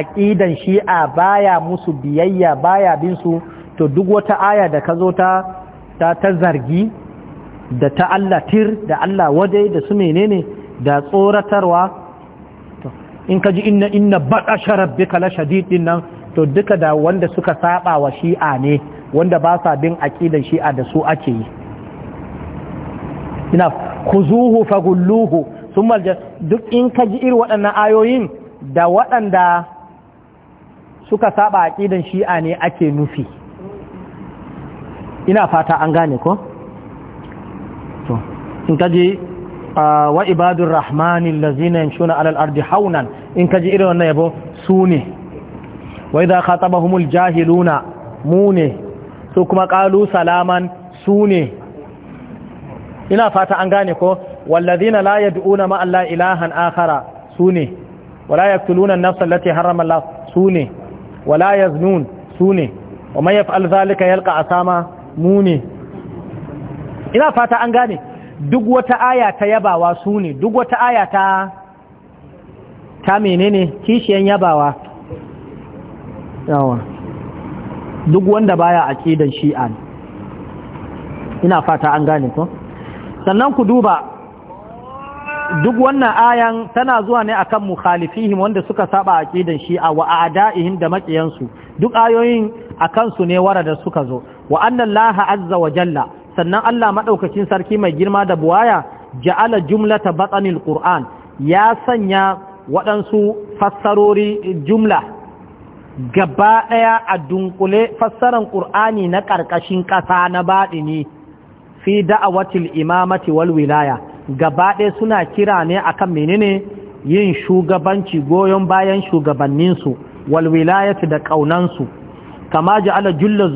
aqidan shi'a baya musu biyayya baya bin su to duk wata aya da kazo zo ta ta zargi da ta Allah tir da Allah wadai da su menene da tsoratarwa in ka ji inna inna baɗa rabbika la shadidin nan to duka da wanda suka saba wa shi'a ne wanda ba sa bin aqidan shi'a da su ake yi ina kuzuhu fagulluhu summa duk in ka ji irin waɗannan ayoyin da waɗanda suka saba aqidan shi'a ne ake nufi ina fata an gane ko to in ka ji wa ibadur rahmani allazina shuna alal ardi haunan in ka ji irin wannan yabo su ne wa idza khatabahumul jahiluna mu ne su kuma qalu salaman su ne ina fata an gane ko wallazina la yad'una ma Allah ilahan akhara su ne wala yaqtuluna an-nafsa allati harrama Allah su ne wala yaznun su ne wa man yaf'al dhalika yalqa asama mu ne ina fata an gane duk wata aya ta yabawa su ne duk wata aya ta ta menene kishiyan yabawa yawa duk wanda baya aqidan shi'a ina fata an gane ko sannan ku duba duk wannan ayan tana zuwa ne akan mukhalifihim wanda suka saba aqidan shi'a wa a'da'ihim da makiyansu duk ayoyin akan su ne warada suka zo wa annallaha azza wa jalla sannan Allah maɗaukacin sarki mai girma da buwaya ja'ala jumlata batsanin Kur'an ya sanya waɗansu fassarori jumla gaba ɗaya a dunkule fassaran ƙur'ani na ƙarƙashin ƙasa na baɗini fi da'awatil imamati wal wilaya gaba ɗaya suna kira ne kan menene yin shugabanci goyon bayan shugabanninsu wal wilayatu da ƙaunansu kama ja'ala julla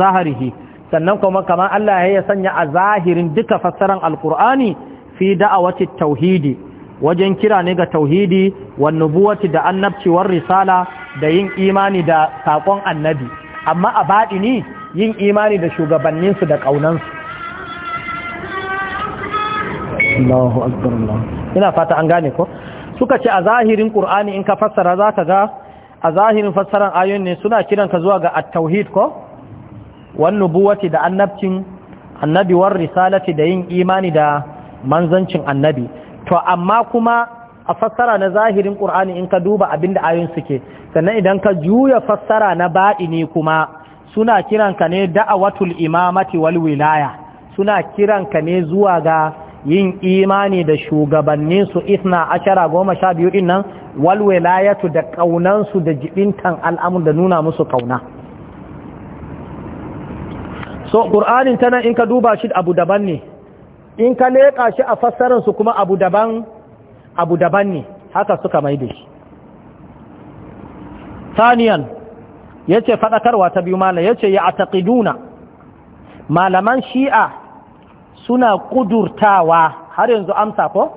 zaharihi sannan kuma kamar Allah ya sanya a zahirin duka fassaran alkur'ani fi da'awati tauhidi wajen kira ne ga tauhidi wa nubuwati da annabciwar risala da yin imani da sakon annabi amma a baɗi ne yin imani da shugabanninsu da ƙaunansu ina fata an gane ko suka ce a zahirin Ƙur'ani in ka fassara za ka ga a zahirin fassaran ayoyin ne suna kiran ka zuwa ga at-tauhid ko wan nubuwati da annabcin annabi war risalati da yin imani da manzancin annabi to amma kuma a fassara na zahirin qur'ani in ka duba abinda ayoyin suke sannan idan ka juya fassara na ne kuma suna kiranka ne da'awatul imamati wal wilaya suna kiranka ne zuwa ga yin imani da shugabannin su isna ashara goma sha din nan wal wilayatu da ƙaunansu da jibintan al'amur da nuna musu kauna so ƙur'anin tana in ka duba shi abu daban ne in ka leƙa shi a fassararsu kuma abu daban abu daban ne haka suka maida shi saniyan ya ce faɗakarwa ta biyu malam ya ce ya ataƙiduna malaman shi'a suna ƙudurtawa har yanzu amsa ko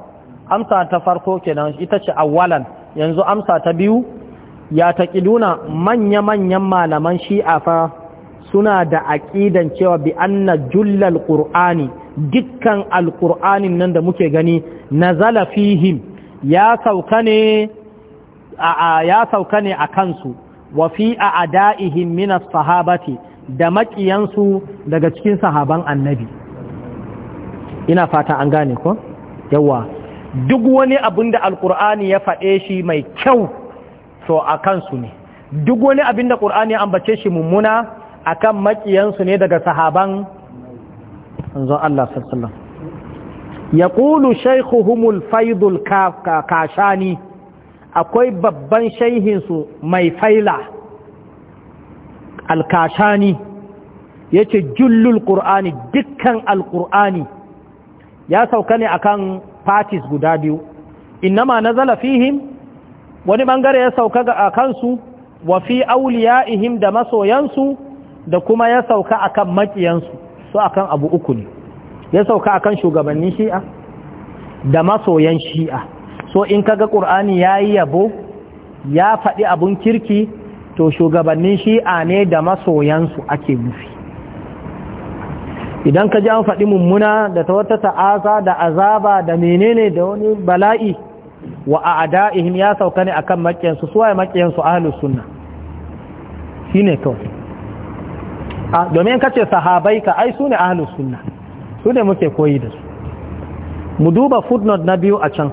amsa ta farko kenan ita ce awalan yanzu amsa ta biyu ya taƙiduna manya-manyan malaman shi'a fa suna da aƙidan cewa bi anna jullal qur'ani dukkan alqur'anin nan da muke gani nazala fihim ya sauka ne a ya sauka ne a kansu wa fi a'da'ihim min as-sahabati da makiyansu daga cikin sahaban annabi ina fata an gane ko yawa duk wani abin da alqur'ani ya faɗe shi mai kyau to a kansu ne duk wani abin da qur'ani ya ambace shi mummuna akan makiyansu ne daga sahaban manzon Allah sallallahu ya ƙulu shaikuhumul faidul kashani akwai babban shaihinsu mai faila alkashani ya ce jullul ƙur'ani dukkan alƙur'ani ya sauka ne akan fatis guda biyu innama na zalafihim wani ɓangare ya sauka a kansu wa fi ihim da masoyansu da kuma ya sauka akan makiyansu su akan abu uku ne ya sauka akan shugabannin shi'a da masoyan shi'a so in kaga qur'ani yayi yabo ya faɗi abun kirki to shugabannin shi'a ne da masoyansu ake nufi idan ka ji an faɗi mummuna da ta wata ta'aza da azaba da menene da wani bala'i wa a'da'ihim ya sauka ne akan makiyansu suwaye makiyansu ahlus sunna shine kawai domin kace sahabai ka ai su ne ahlus sunna su ne muke koyi da su mu duba footnote na biyu a can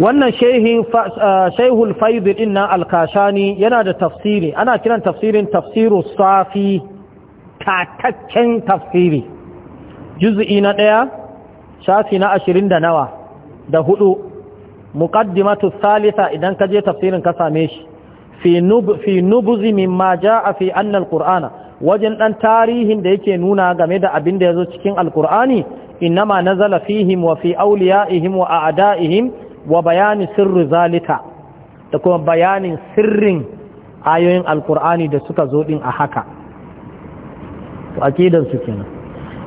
wannan shaihul faidul al alkashani yana da tafsiri ana kiran tafsirin tafsiru safi tataccen tafsiri juz'i na ɗaya shafi na ashirin da nawa da hudu muƙaddimatu salisa idan ka je tafsirin ka same shi fi nubuzi ma ja'a fi annal qur'ana wajen dan tarihin da yake nuna game da abin da yazo cikin alqur'ani innama nazala fihim wa fi awliyaihim wa a'daihim wa bayani sirri zalika da kuma bayanin sirrin ayoyin alqur'ani da suka zo din a haka to akidan su kenan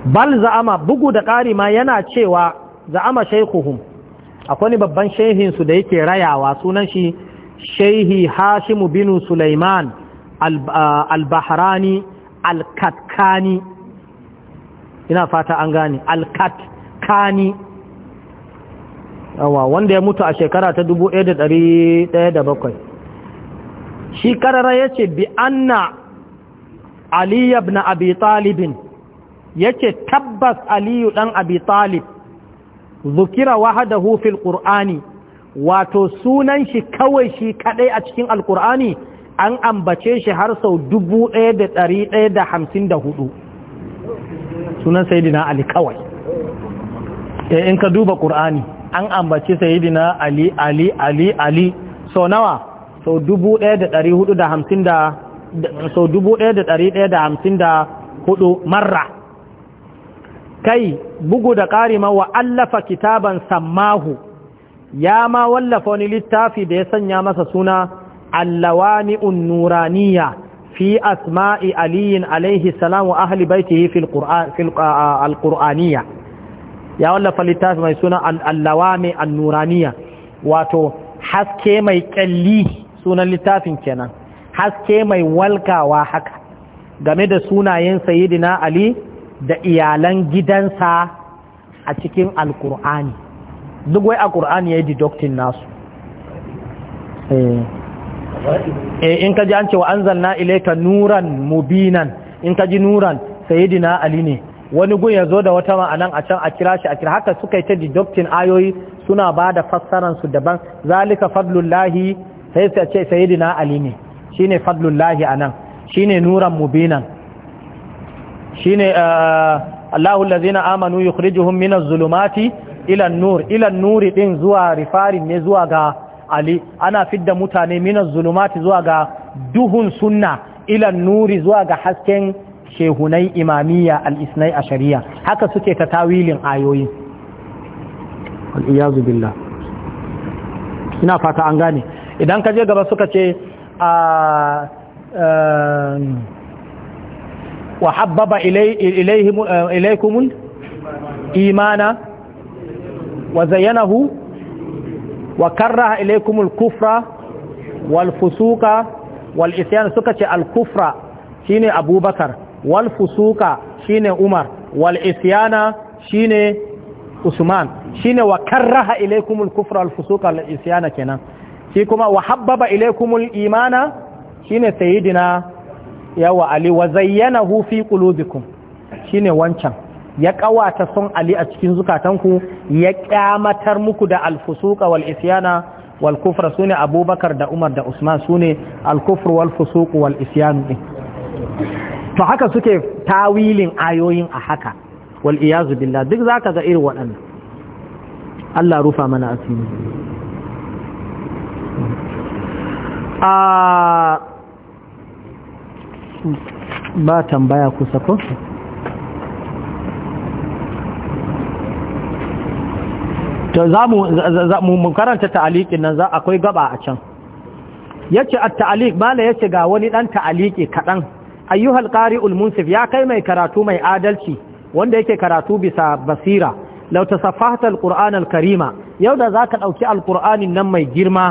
bal za'ama bugu da ƙarima ma yana cewa za'ama shaykhuhum akwai babban shehin su da yake rayawa sunan shi shaihi hashimu bin Suleiman uh, al-bahrani al-katkani ina fata an gane al-katkani wanda ya mutu a shekara ta 1107 shi karara ya ce bi anna aliyu na abi talibin ya ce tabbas aliyu dan abi talib zukira wahadahu fil qur'ani wato sunan shi kawai shi kadai a cikin alkur'ani an ambace shi har sau dubu ɗaya da ɗari ɗaya da hamsin da hudu sunan sayidina ali kawai eh, in ka duba ƙur'ani an ambace sayidina ali ali ali ali sau nawa sau dubu ɗaya da ɗari hudu da hamsin da sau dubu ɗaya da ɗari ɗaya da hamsin da hudu marra kai bugu da ƙarima wa allafa kitaban sammahu ya ma wallafa wani littafi da ya sanya masa suna allawani nuraniya fi asma'i aliyin alaihi salamu ahli baiti fil alqur'aniya ya wallafa littafi mai suna allawani nuraniya wato haske mai kyalli sunan littafin kenan haske mai walkawa haka game da sunayen sayidina ali da iyalan gidansa a cikin alkur'ani duk wai a ƙur'ani ya yi deducting nasu eh. Eh, in ka ji an cewa an zanna ilaika nuran mubinan in ka ji nuran sayidina ali ne wani gun ya zo da wata ma'anan a can a kira shi a kira haka suka yi ta deducting ayoyi suna ba da fassaransu daban zalika fadlullahi sai su ce sayidina ali ne shine fadlullahi anan shine nuran mubinan shine eh, Allahu allazina amanu yukhrijuhum minaz zulumati ilan nur ilan nuri din zuwa rifarin ne zuwa ga ali ana fidda mutane minan zulumati zuwa ga duhun sunna ilan nuri zuwa ga hasken shehunai imamiyya al-isnai a haka suke ta tawilin ayoyi al-iyazu billah ina fata an gane idan ka je gaba suka ce a ah, eh, wa habbaba ilaikumul eh, imana wa zayyanahu wa karraha ilaykumul kufra wal fusuqa suka ce al kufra shine abubakar wal fusuqa shine umar wal isyana shine usman shine wa karraha ilaykumul kufra wal fusuqa wal isyana kenan shi kuma wa habbaba ilaykumul imana shine sayyidina yawa ali wa zayyanahu fi qulubikum shine wancan ya ƙawata son ali a cikin zukatanku ya kyamatar muku da alfusuka wal isyana wal kufra sune abubakar da umar da usman sune alkufru wal fusuku wal isyanu din to haka suke tawilin ayoyin a haka wal iyazu billah duk zaka ga irin waɗannan Allah rufa mana asiri a ba tambaya kusa sako. to za mu karanta ta'aliƙin nan za akwai gaba a can yace at-ta'aliq mala ce ga wani dan ta'aliƙi kaɗan? ayyuhal qari'ul munsif ya kai mai karatu mai adalci wanda yake karatu bisa basira law tasaffahta al-qur'an al-karima yau da za ka ɗauki quranin nan mai girma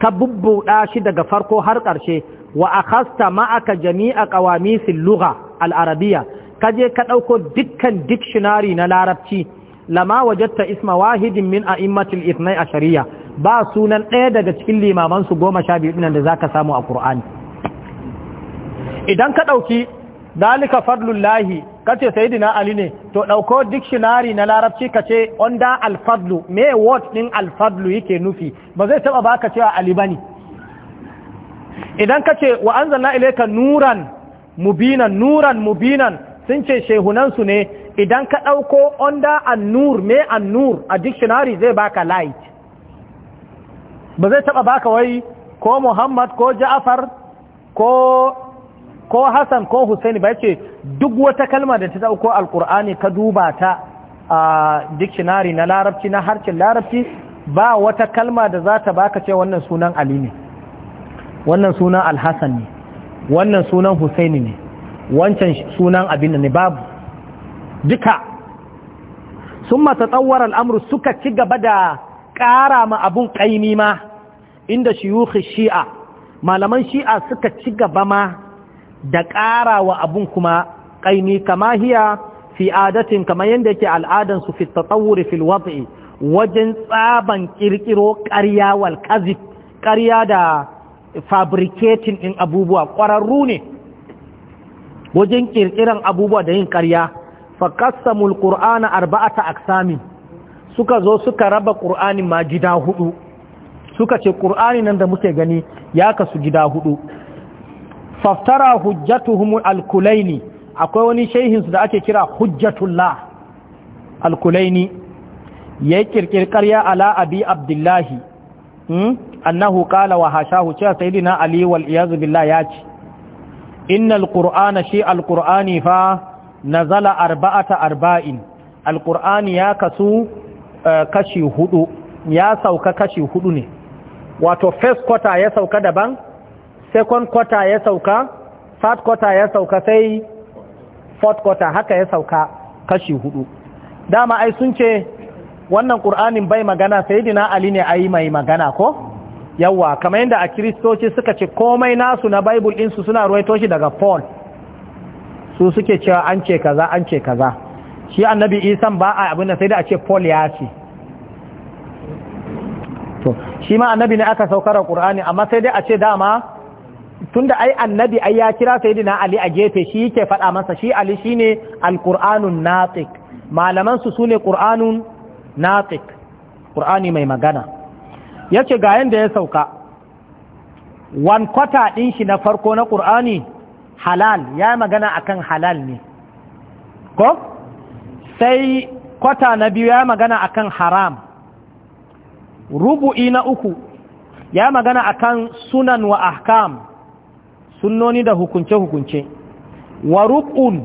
ka bubbuɗa shi daga farko har ƙarshe, wa akhasta ma'aka jami'a ƙawamisin al al'arabiya ka je ka ɗauko dukkan dictionary na larabci lama wajatta isma wahidin min a'immatil ithnai ashariya ba sunan ɗaya daga cikin limaman su goma sha biyu da zaka samu a Qur'ani idan ka dauki dalika fadlullahi kace sayyidina ali ne to dauko dictionary na larabci kace onda alfadlu me word din alfadlu yake nufi ba zai taba baka cewa ali bane idan kace wa anzalna ilayka nuran mubinan nuran mubinan sun ce shehunansu ne idan ka ɗauko onda annur me nur a dictionary zai baka light ba zai taɓa baka wai ko muhammad ko ja'afar ko ko hassan ko husaini ba ce duk wata kalma da ta ɗauko alkur'ani ka duba ta a dictionary na larabci na harcin larabci ba wata kalma da za ta baka ce wannan sunan ali ne wannan sunan alhassan ne wannan sunan husaini ne wancan sunan abin ne babu duka sun mata tsawar al'amur suka ci gaba da ƙara ma abun ƙaimi ma inda shiyuhi shi'a malaman shi'a suka ci gaba ma da ƙara wa abun kuma ƙaimi kama hiya fi adatin kamar yadda yake al'adansu fi tsawuri fil waz'i wajen tsaban ƙirƙiro ƙarya wal ƙarya da fabricating ɗin abubuwa ƙwararru ne wajen kirkiran abubuwa da yin ƙarya faƙassamul ƙur'ana arba'ata aksamin suka zo suka raba ƙur'anin ma gida hudu suka ce ƙur'ani nan da muke gani ya kasu gida hudu faftara hujjatuhum alkulaini akwai wani shehinsu da ake kira hujjatullah alkulaini ya yi ƙirƙir ƙarya ala abi abdullahi hmm, annahu qala wa hashahu cewa sayyidina ali wal iyaz billah ya ce innal qur'ana shi alqur'ani fa nazala arba'ata arba'in alqur'ani ya kasu eh, kashi hudu ya sauka kashi hudu ne wato first quarter ya sauka daban second quarter ya sauka third quarter ya sauka sai fourth quarter haka ya sauka kashi hudu dama ai sun ce wannan ƙur'anin bai magana sai dina ali ne yi mai magana ko yawa kamar yadda a kiristoci suka ce komai nasu na bible ɗinsu suna ruwaito shi daga paul su suke cewa an ce kaza an ce kaza shi annabi isan ba a abin da sai da a ce paul ya ce to shi ma annabi ne aka saukar qur'ani amma sai dai a ce dama tun da ai annabi ai ya kira saidina ali a gefe shi yake faɗa masa shi ali shine alqur'anun natiq malaman su sune qur'anun natiq qur'ani mai magana ya ce ga yadda ya sauka wan kwata ɗin shi na farko na ƙur'ani halal ya magana akan halal ne ko sai kwata na biyu ya magana akan haram rubu'i na uku ya magana akan sunan wa ahkam sunnoni da hukunce-hukunce wa rub'un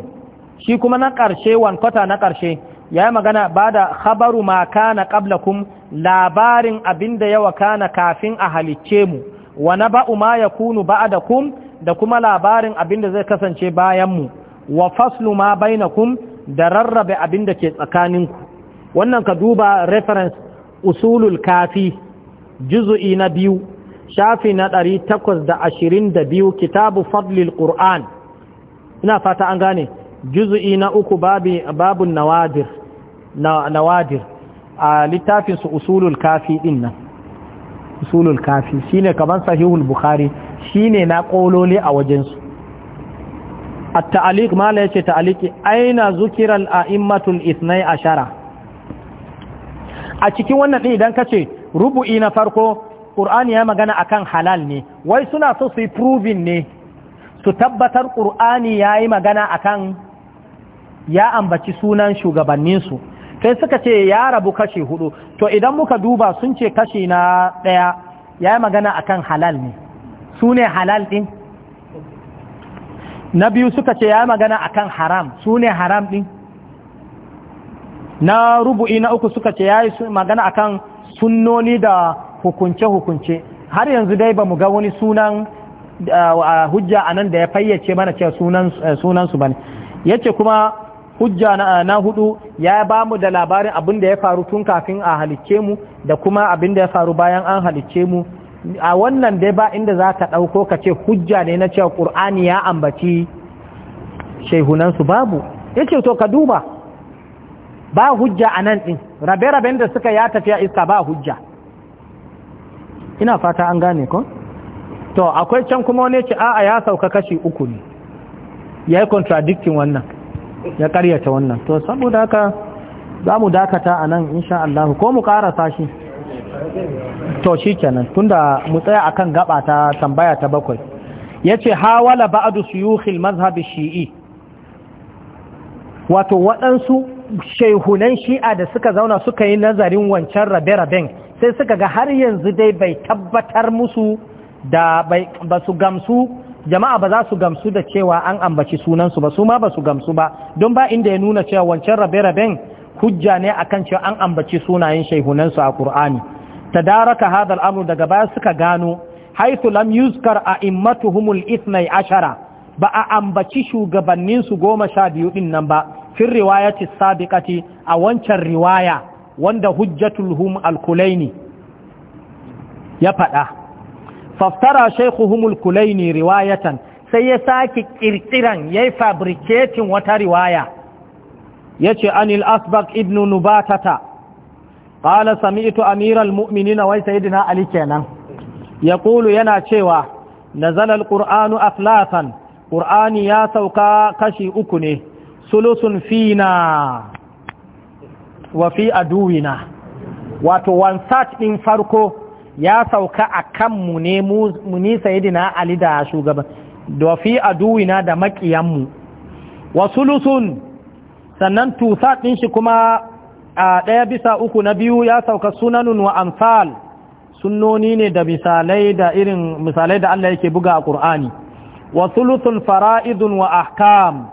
shi kuma na ƙarshe wankwata na ƙarshe ya yi magana ba da khabaru ma kana qablakum labarin abinda ya kana kafin a halicce mu wa naba'u ma kunu ba'dakum da da kuma labarin abinda zai kasance bayan mu wa faslu ma bainakum da rarrabe abinda ke tsakaninku wannan ka duba reference usulul kafi juzui na biyu shafi na ɗari takwas da da biyu kitabu fadlil qur'an ina fata an gane juzui na uku babu nawadir nawadir a littafin su usulul kafi din usulul kafi shine kaman sahihul bukhari shine na kololi a wajen su at-ta'liq mala yace ta'liqi aina zukira al-a'immatul ithnai ashara a cikin wannan din idan kace rubu'i na farko qur'ani ya magana akan halal ne wai suna so su yi proving ne su tabbatar qur'ani yayi magana akan ya ambaci sunan shugabanninsu sai suka ce ya rabu kashi hudu to idan muka duba sun ce kashi na ɗaya ya yi magana a kan halal ne su ne halal ɗin na biyu suka ce ya yi magana a kan haram su ne haram ɗin na rubu'i na uku suka ce ya yi magana a kan sunnoni da hukunce-hukunce har yanzu dai ba mu ga wani sunan uh, hujja a nan da ya fayyace mana cewa eh, sunansu ba ne ya ce kuma hujja na, na hudu ya ba mu da labarin abin da ya faru tun kafin a halicce mu da kuma abin da ya faru bayan an halicce mu a wannan dai ba inda za ka ɗauko ka ce hujja ne na cewa ƙur'ani ya ambaci shaihunansu babu ya ce to ka duba ba hujja a nan ɗin rabe-raben da suka ya tafiya iska ba hujja ina fata an gane ko to akwai can kuma wani ce a'a ya sauka kashi uku ne ya yi contradicting wannan ya karyata wannan to saboda haka za mu dakata a nan insha Allah ko mu karasa shi to shi kenan tunda mu tsaya akan gaba ta tambaya ta bakwai yace hawala ba'du suyukhil mazhab shi'i wato waɗansu shehunan shi'a da suka zauna suka yi nazarin wancan rabe-raben sai suka ga har yanzu dai bai tabbatar musu da ba su gamsu jama'a ba za su gamsu da cewa an ambaci sunansu ba su ma ba su gamsu ba don ba inda ya nuna cewa wancan rabe-raben hujja ne a kan cewa an ambaci sunayen shaihunansu a Kur'ani. ta daraka hadal amru daga baya suka gano haithu lam yuzkar a immatuhumul ithnai ashara ba a ambaci shugabanninsu goma sha biyu din nan ba fin riwayati sabiqati a wancan riwaya wanda hujjatul hum alkulaini ya faɗa faftara shaykhuhum al ne riwayatan sai ya sake kirkiran yayi fabricating wata riwaya yace anil asbaq ibn nubatata qala sami'tu amiral mu'minina wa sayyidina ali kenan yaqulu yana cewa nazala al-qur'anu aflatan qur'ani ya sauka kashi uku ne sulusun fina wa fi aduwina wato one third din farko ya sauka a kanmu ne mu ni sayidina ali da shugaban da fi duwina da makiyanmu wa sulusun sannan tusa ɗin shi kuma a ɗaya bisa uku na biyu ya sauka sunanun wa amsal sunnoni ne da misalai da irin misalai da Allah yake buga a Qur'ani wa sulusun fara'idun wa ahkam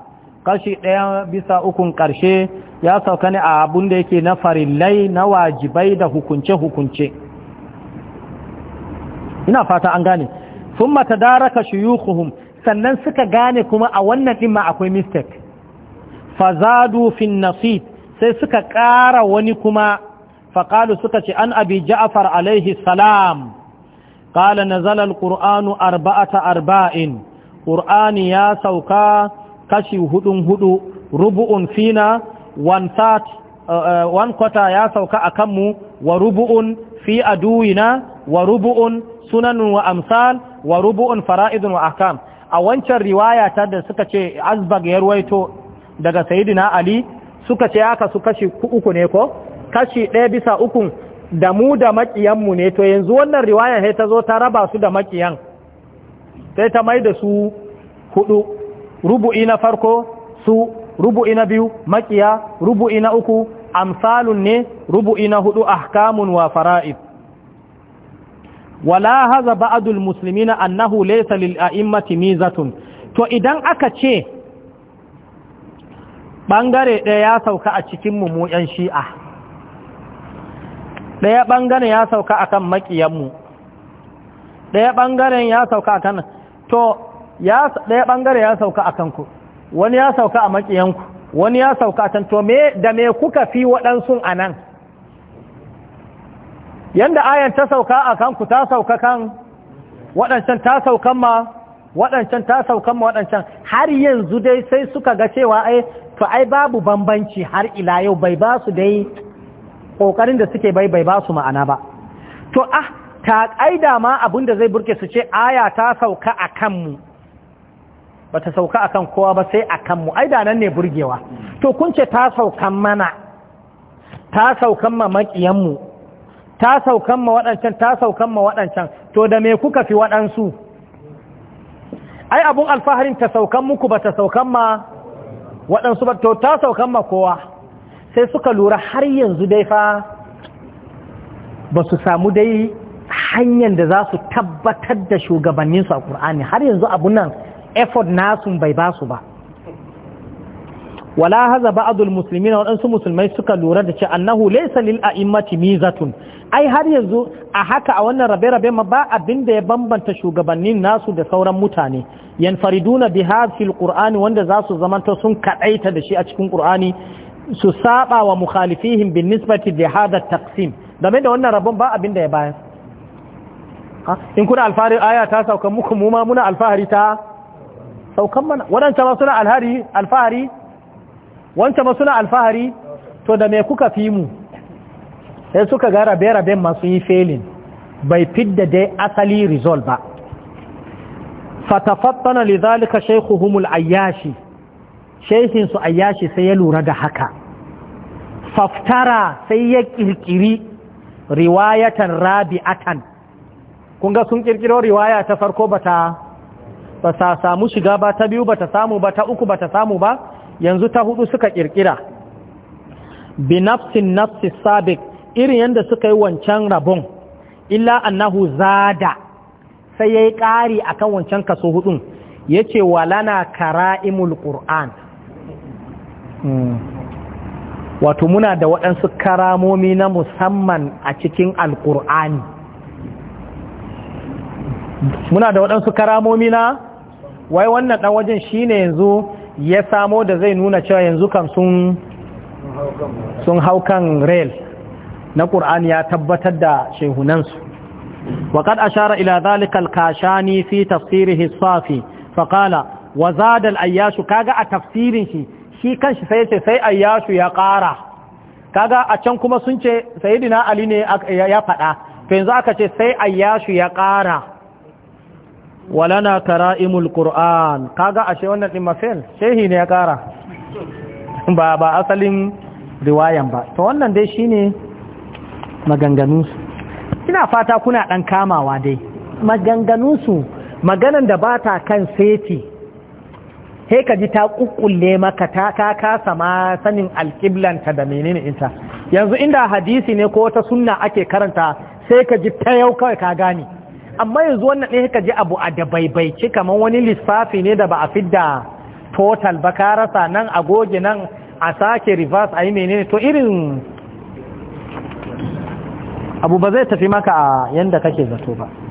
kashi ɗaya bisa ukun ƙarshe ya sauka ne a abun da yake na farillai na wajibai da hukunce-hukunce ina fata an gane sun mata daraka shuyukuhum sannan suka gane kuma a wannan ɗin ma akwai mistake fazadu fin nasid sai suka ƙara wani kuma faƙalu suka ce an abi ja'far alaihi salam ƙala na zalar ƙur'anu arba'ata arba'in ƙur'ani ya sauka kashi hudun hudu rubu'un fina uh, uh, one quarter ya sauka a kanmu wa rubu'un fi aduwina wa rubu'un sunanun wa amsal wa rubu'un fara'idun wa ahkam a wancan riwaya ta da suka ce azbag ya ruwaito daga sayidina ali suka ce haka su kashi uku ne ko kashi ɗaya bisa uku da mu da makiyanmu ne to yanzu wannan riwaya sai ta zo ta raba su da makiyan sai ta mai da su hudu rubu'i na farko su rubu'i na biyu makiya rubu'i na uku amsalun ne rubu'i na hudu ahkamun wa fara'id wala haza ba'dul muslimina annahu laysa lil a'immati mizatun to idan aka ce bangare ɗaya ya sauka a cikin mu mu yan shi'a ɗaya bangare ya sauka akan makiyan mu ɗaya bangaren ya sauka akan to ya ɗaya bangare ya sauka akan ku wani ya sauka a makiyan ku wani ya sauka tan to me da me kuka fi waɗansu anan yanda ayan ta sauka a kanku ta sauka kan waɗancan ta saukan ma waɗancan ta saukan ma waɗancan har yanzu dai sai suka ga cewa ai to ai babu bambanci har ila yau bai ba su dai ƙoƙarin da suke bai bai ba su ma'ana ba to ah ta ƙaida ma abin da zai burke su ce aya ta sauka a kanmu ba ta sauka a kan kowa ba sai a kanmu ai da nan ne burgewa to kun ce ta saukan mana ta saukan ma maƙiyanmu ta saukan ma waɗancan ta saukan ma waɗancan to da me kuka fi waɗansu ai abun alfaharin ta saukan muku ba ta saukan ma waɗansu ba to ta saukan ma kowa sai suka lura har yanzu dai fa ba su samu dai hanyar da za su tabbatar da shugabanninsu a ƙur'ani har yanzu abun nan effort nasu bai ba su ba wala haza ba'dul muslimin waɗansu musulmai suka lura da cewa annahu laysa lil a'immati mizatun ai har yanzu a haka a wannan rabe rabe ma ba abin da ya bambanta shugabannin nasu da sauran mutane yanfariduna biha fil qur'ani wanda za su zamanta sun kadaita da shi a cikin qur'ani su saba wa mukhalifihim bin nisbati li hadha taqsim game da wannan rabon ba abin da ya bayar in kuna alfahari aya ta saukan muku mu ma muna alfahari ta saukan mana waɗancan ma suna alhari alfahari wancan ma suna alfahari to da me kuka fi mu sai suka ga rabe-raben masu yi felin bai fidda dai asali rizol ba fatafattana lidhalika humul ayyashi shaykhin su ayyashi sai ya lura da haka faftara sai ya kirkiri riwayatan rabi'atan kun ga sun kirkiro riwaya ta farko bata ba sa samu shiga ba ta biyu bata samu ba ta uku bata samu ba yanzu ta hudu suka kirkira binafsin nafsi sabik irin yadda suka yi wancan rabon illa annahu zada sai ya yi ƙari a kan wancan kaso hudun yace ce walana kara'imul ƙur'an hmm. wato muna da waɗansu karamomi na musamman a cikin alƙur'ani muna da waɗansu karamomi na wai wannan ɗan wajen shine yanzu ya samo da zai nuna cewa yanzu kam sun hau kan rail na ƙur'ani ya tabbatar da shehunansu ila أشار kashani fi الكاشاني في Faƙala الصافي فقال ayyashu kaga a tafsirin shi shi sai yace sai ayyashu ya ƙara kaga a can kuma sun ce sayyidina ali ne ya faɗa to yanzu aka ce sai ayyashu ya ƙara walana imul qur'an kaga ashe wannan din shehi ne ya kara ba ba asalin riwayan ba to wannan dai shine maganganu ina fata kuna ɗan kamawa dai maganganu su maganan da ta kan seti he ka ji ta ƙuƙulle maka ta ka kasa sanin alqiblanta da menene ita yanzu inda hadisi ne ko ta sunna ake karanta sai ka ji ta yau kawai ka gane amma yanzu wannan ɗaya ka ji abu a dabaibaici kamar wani lissafi ne da ba a fidda total ba ka rasa nan a goge nan a sake reverse a yi menene to irin abu ba zai tafi maka a yanda kake zato ba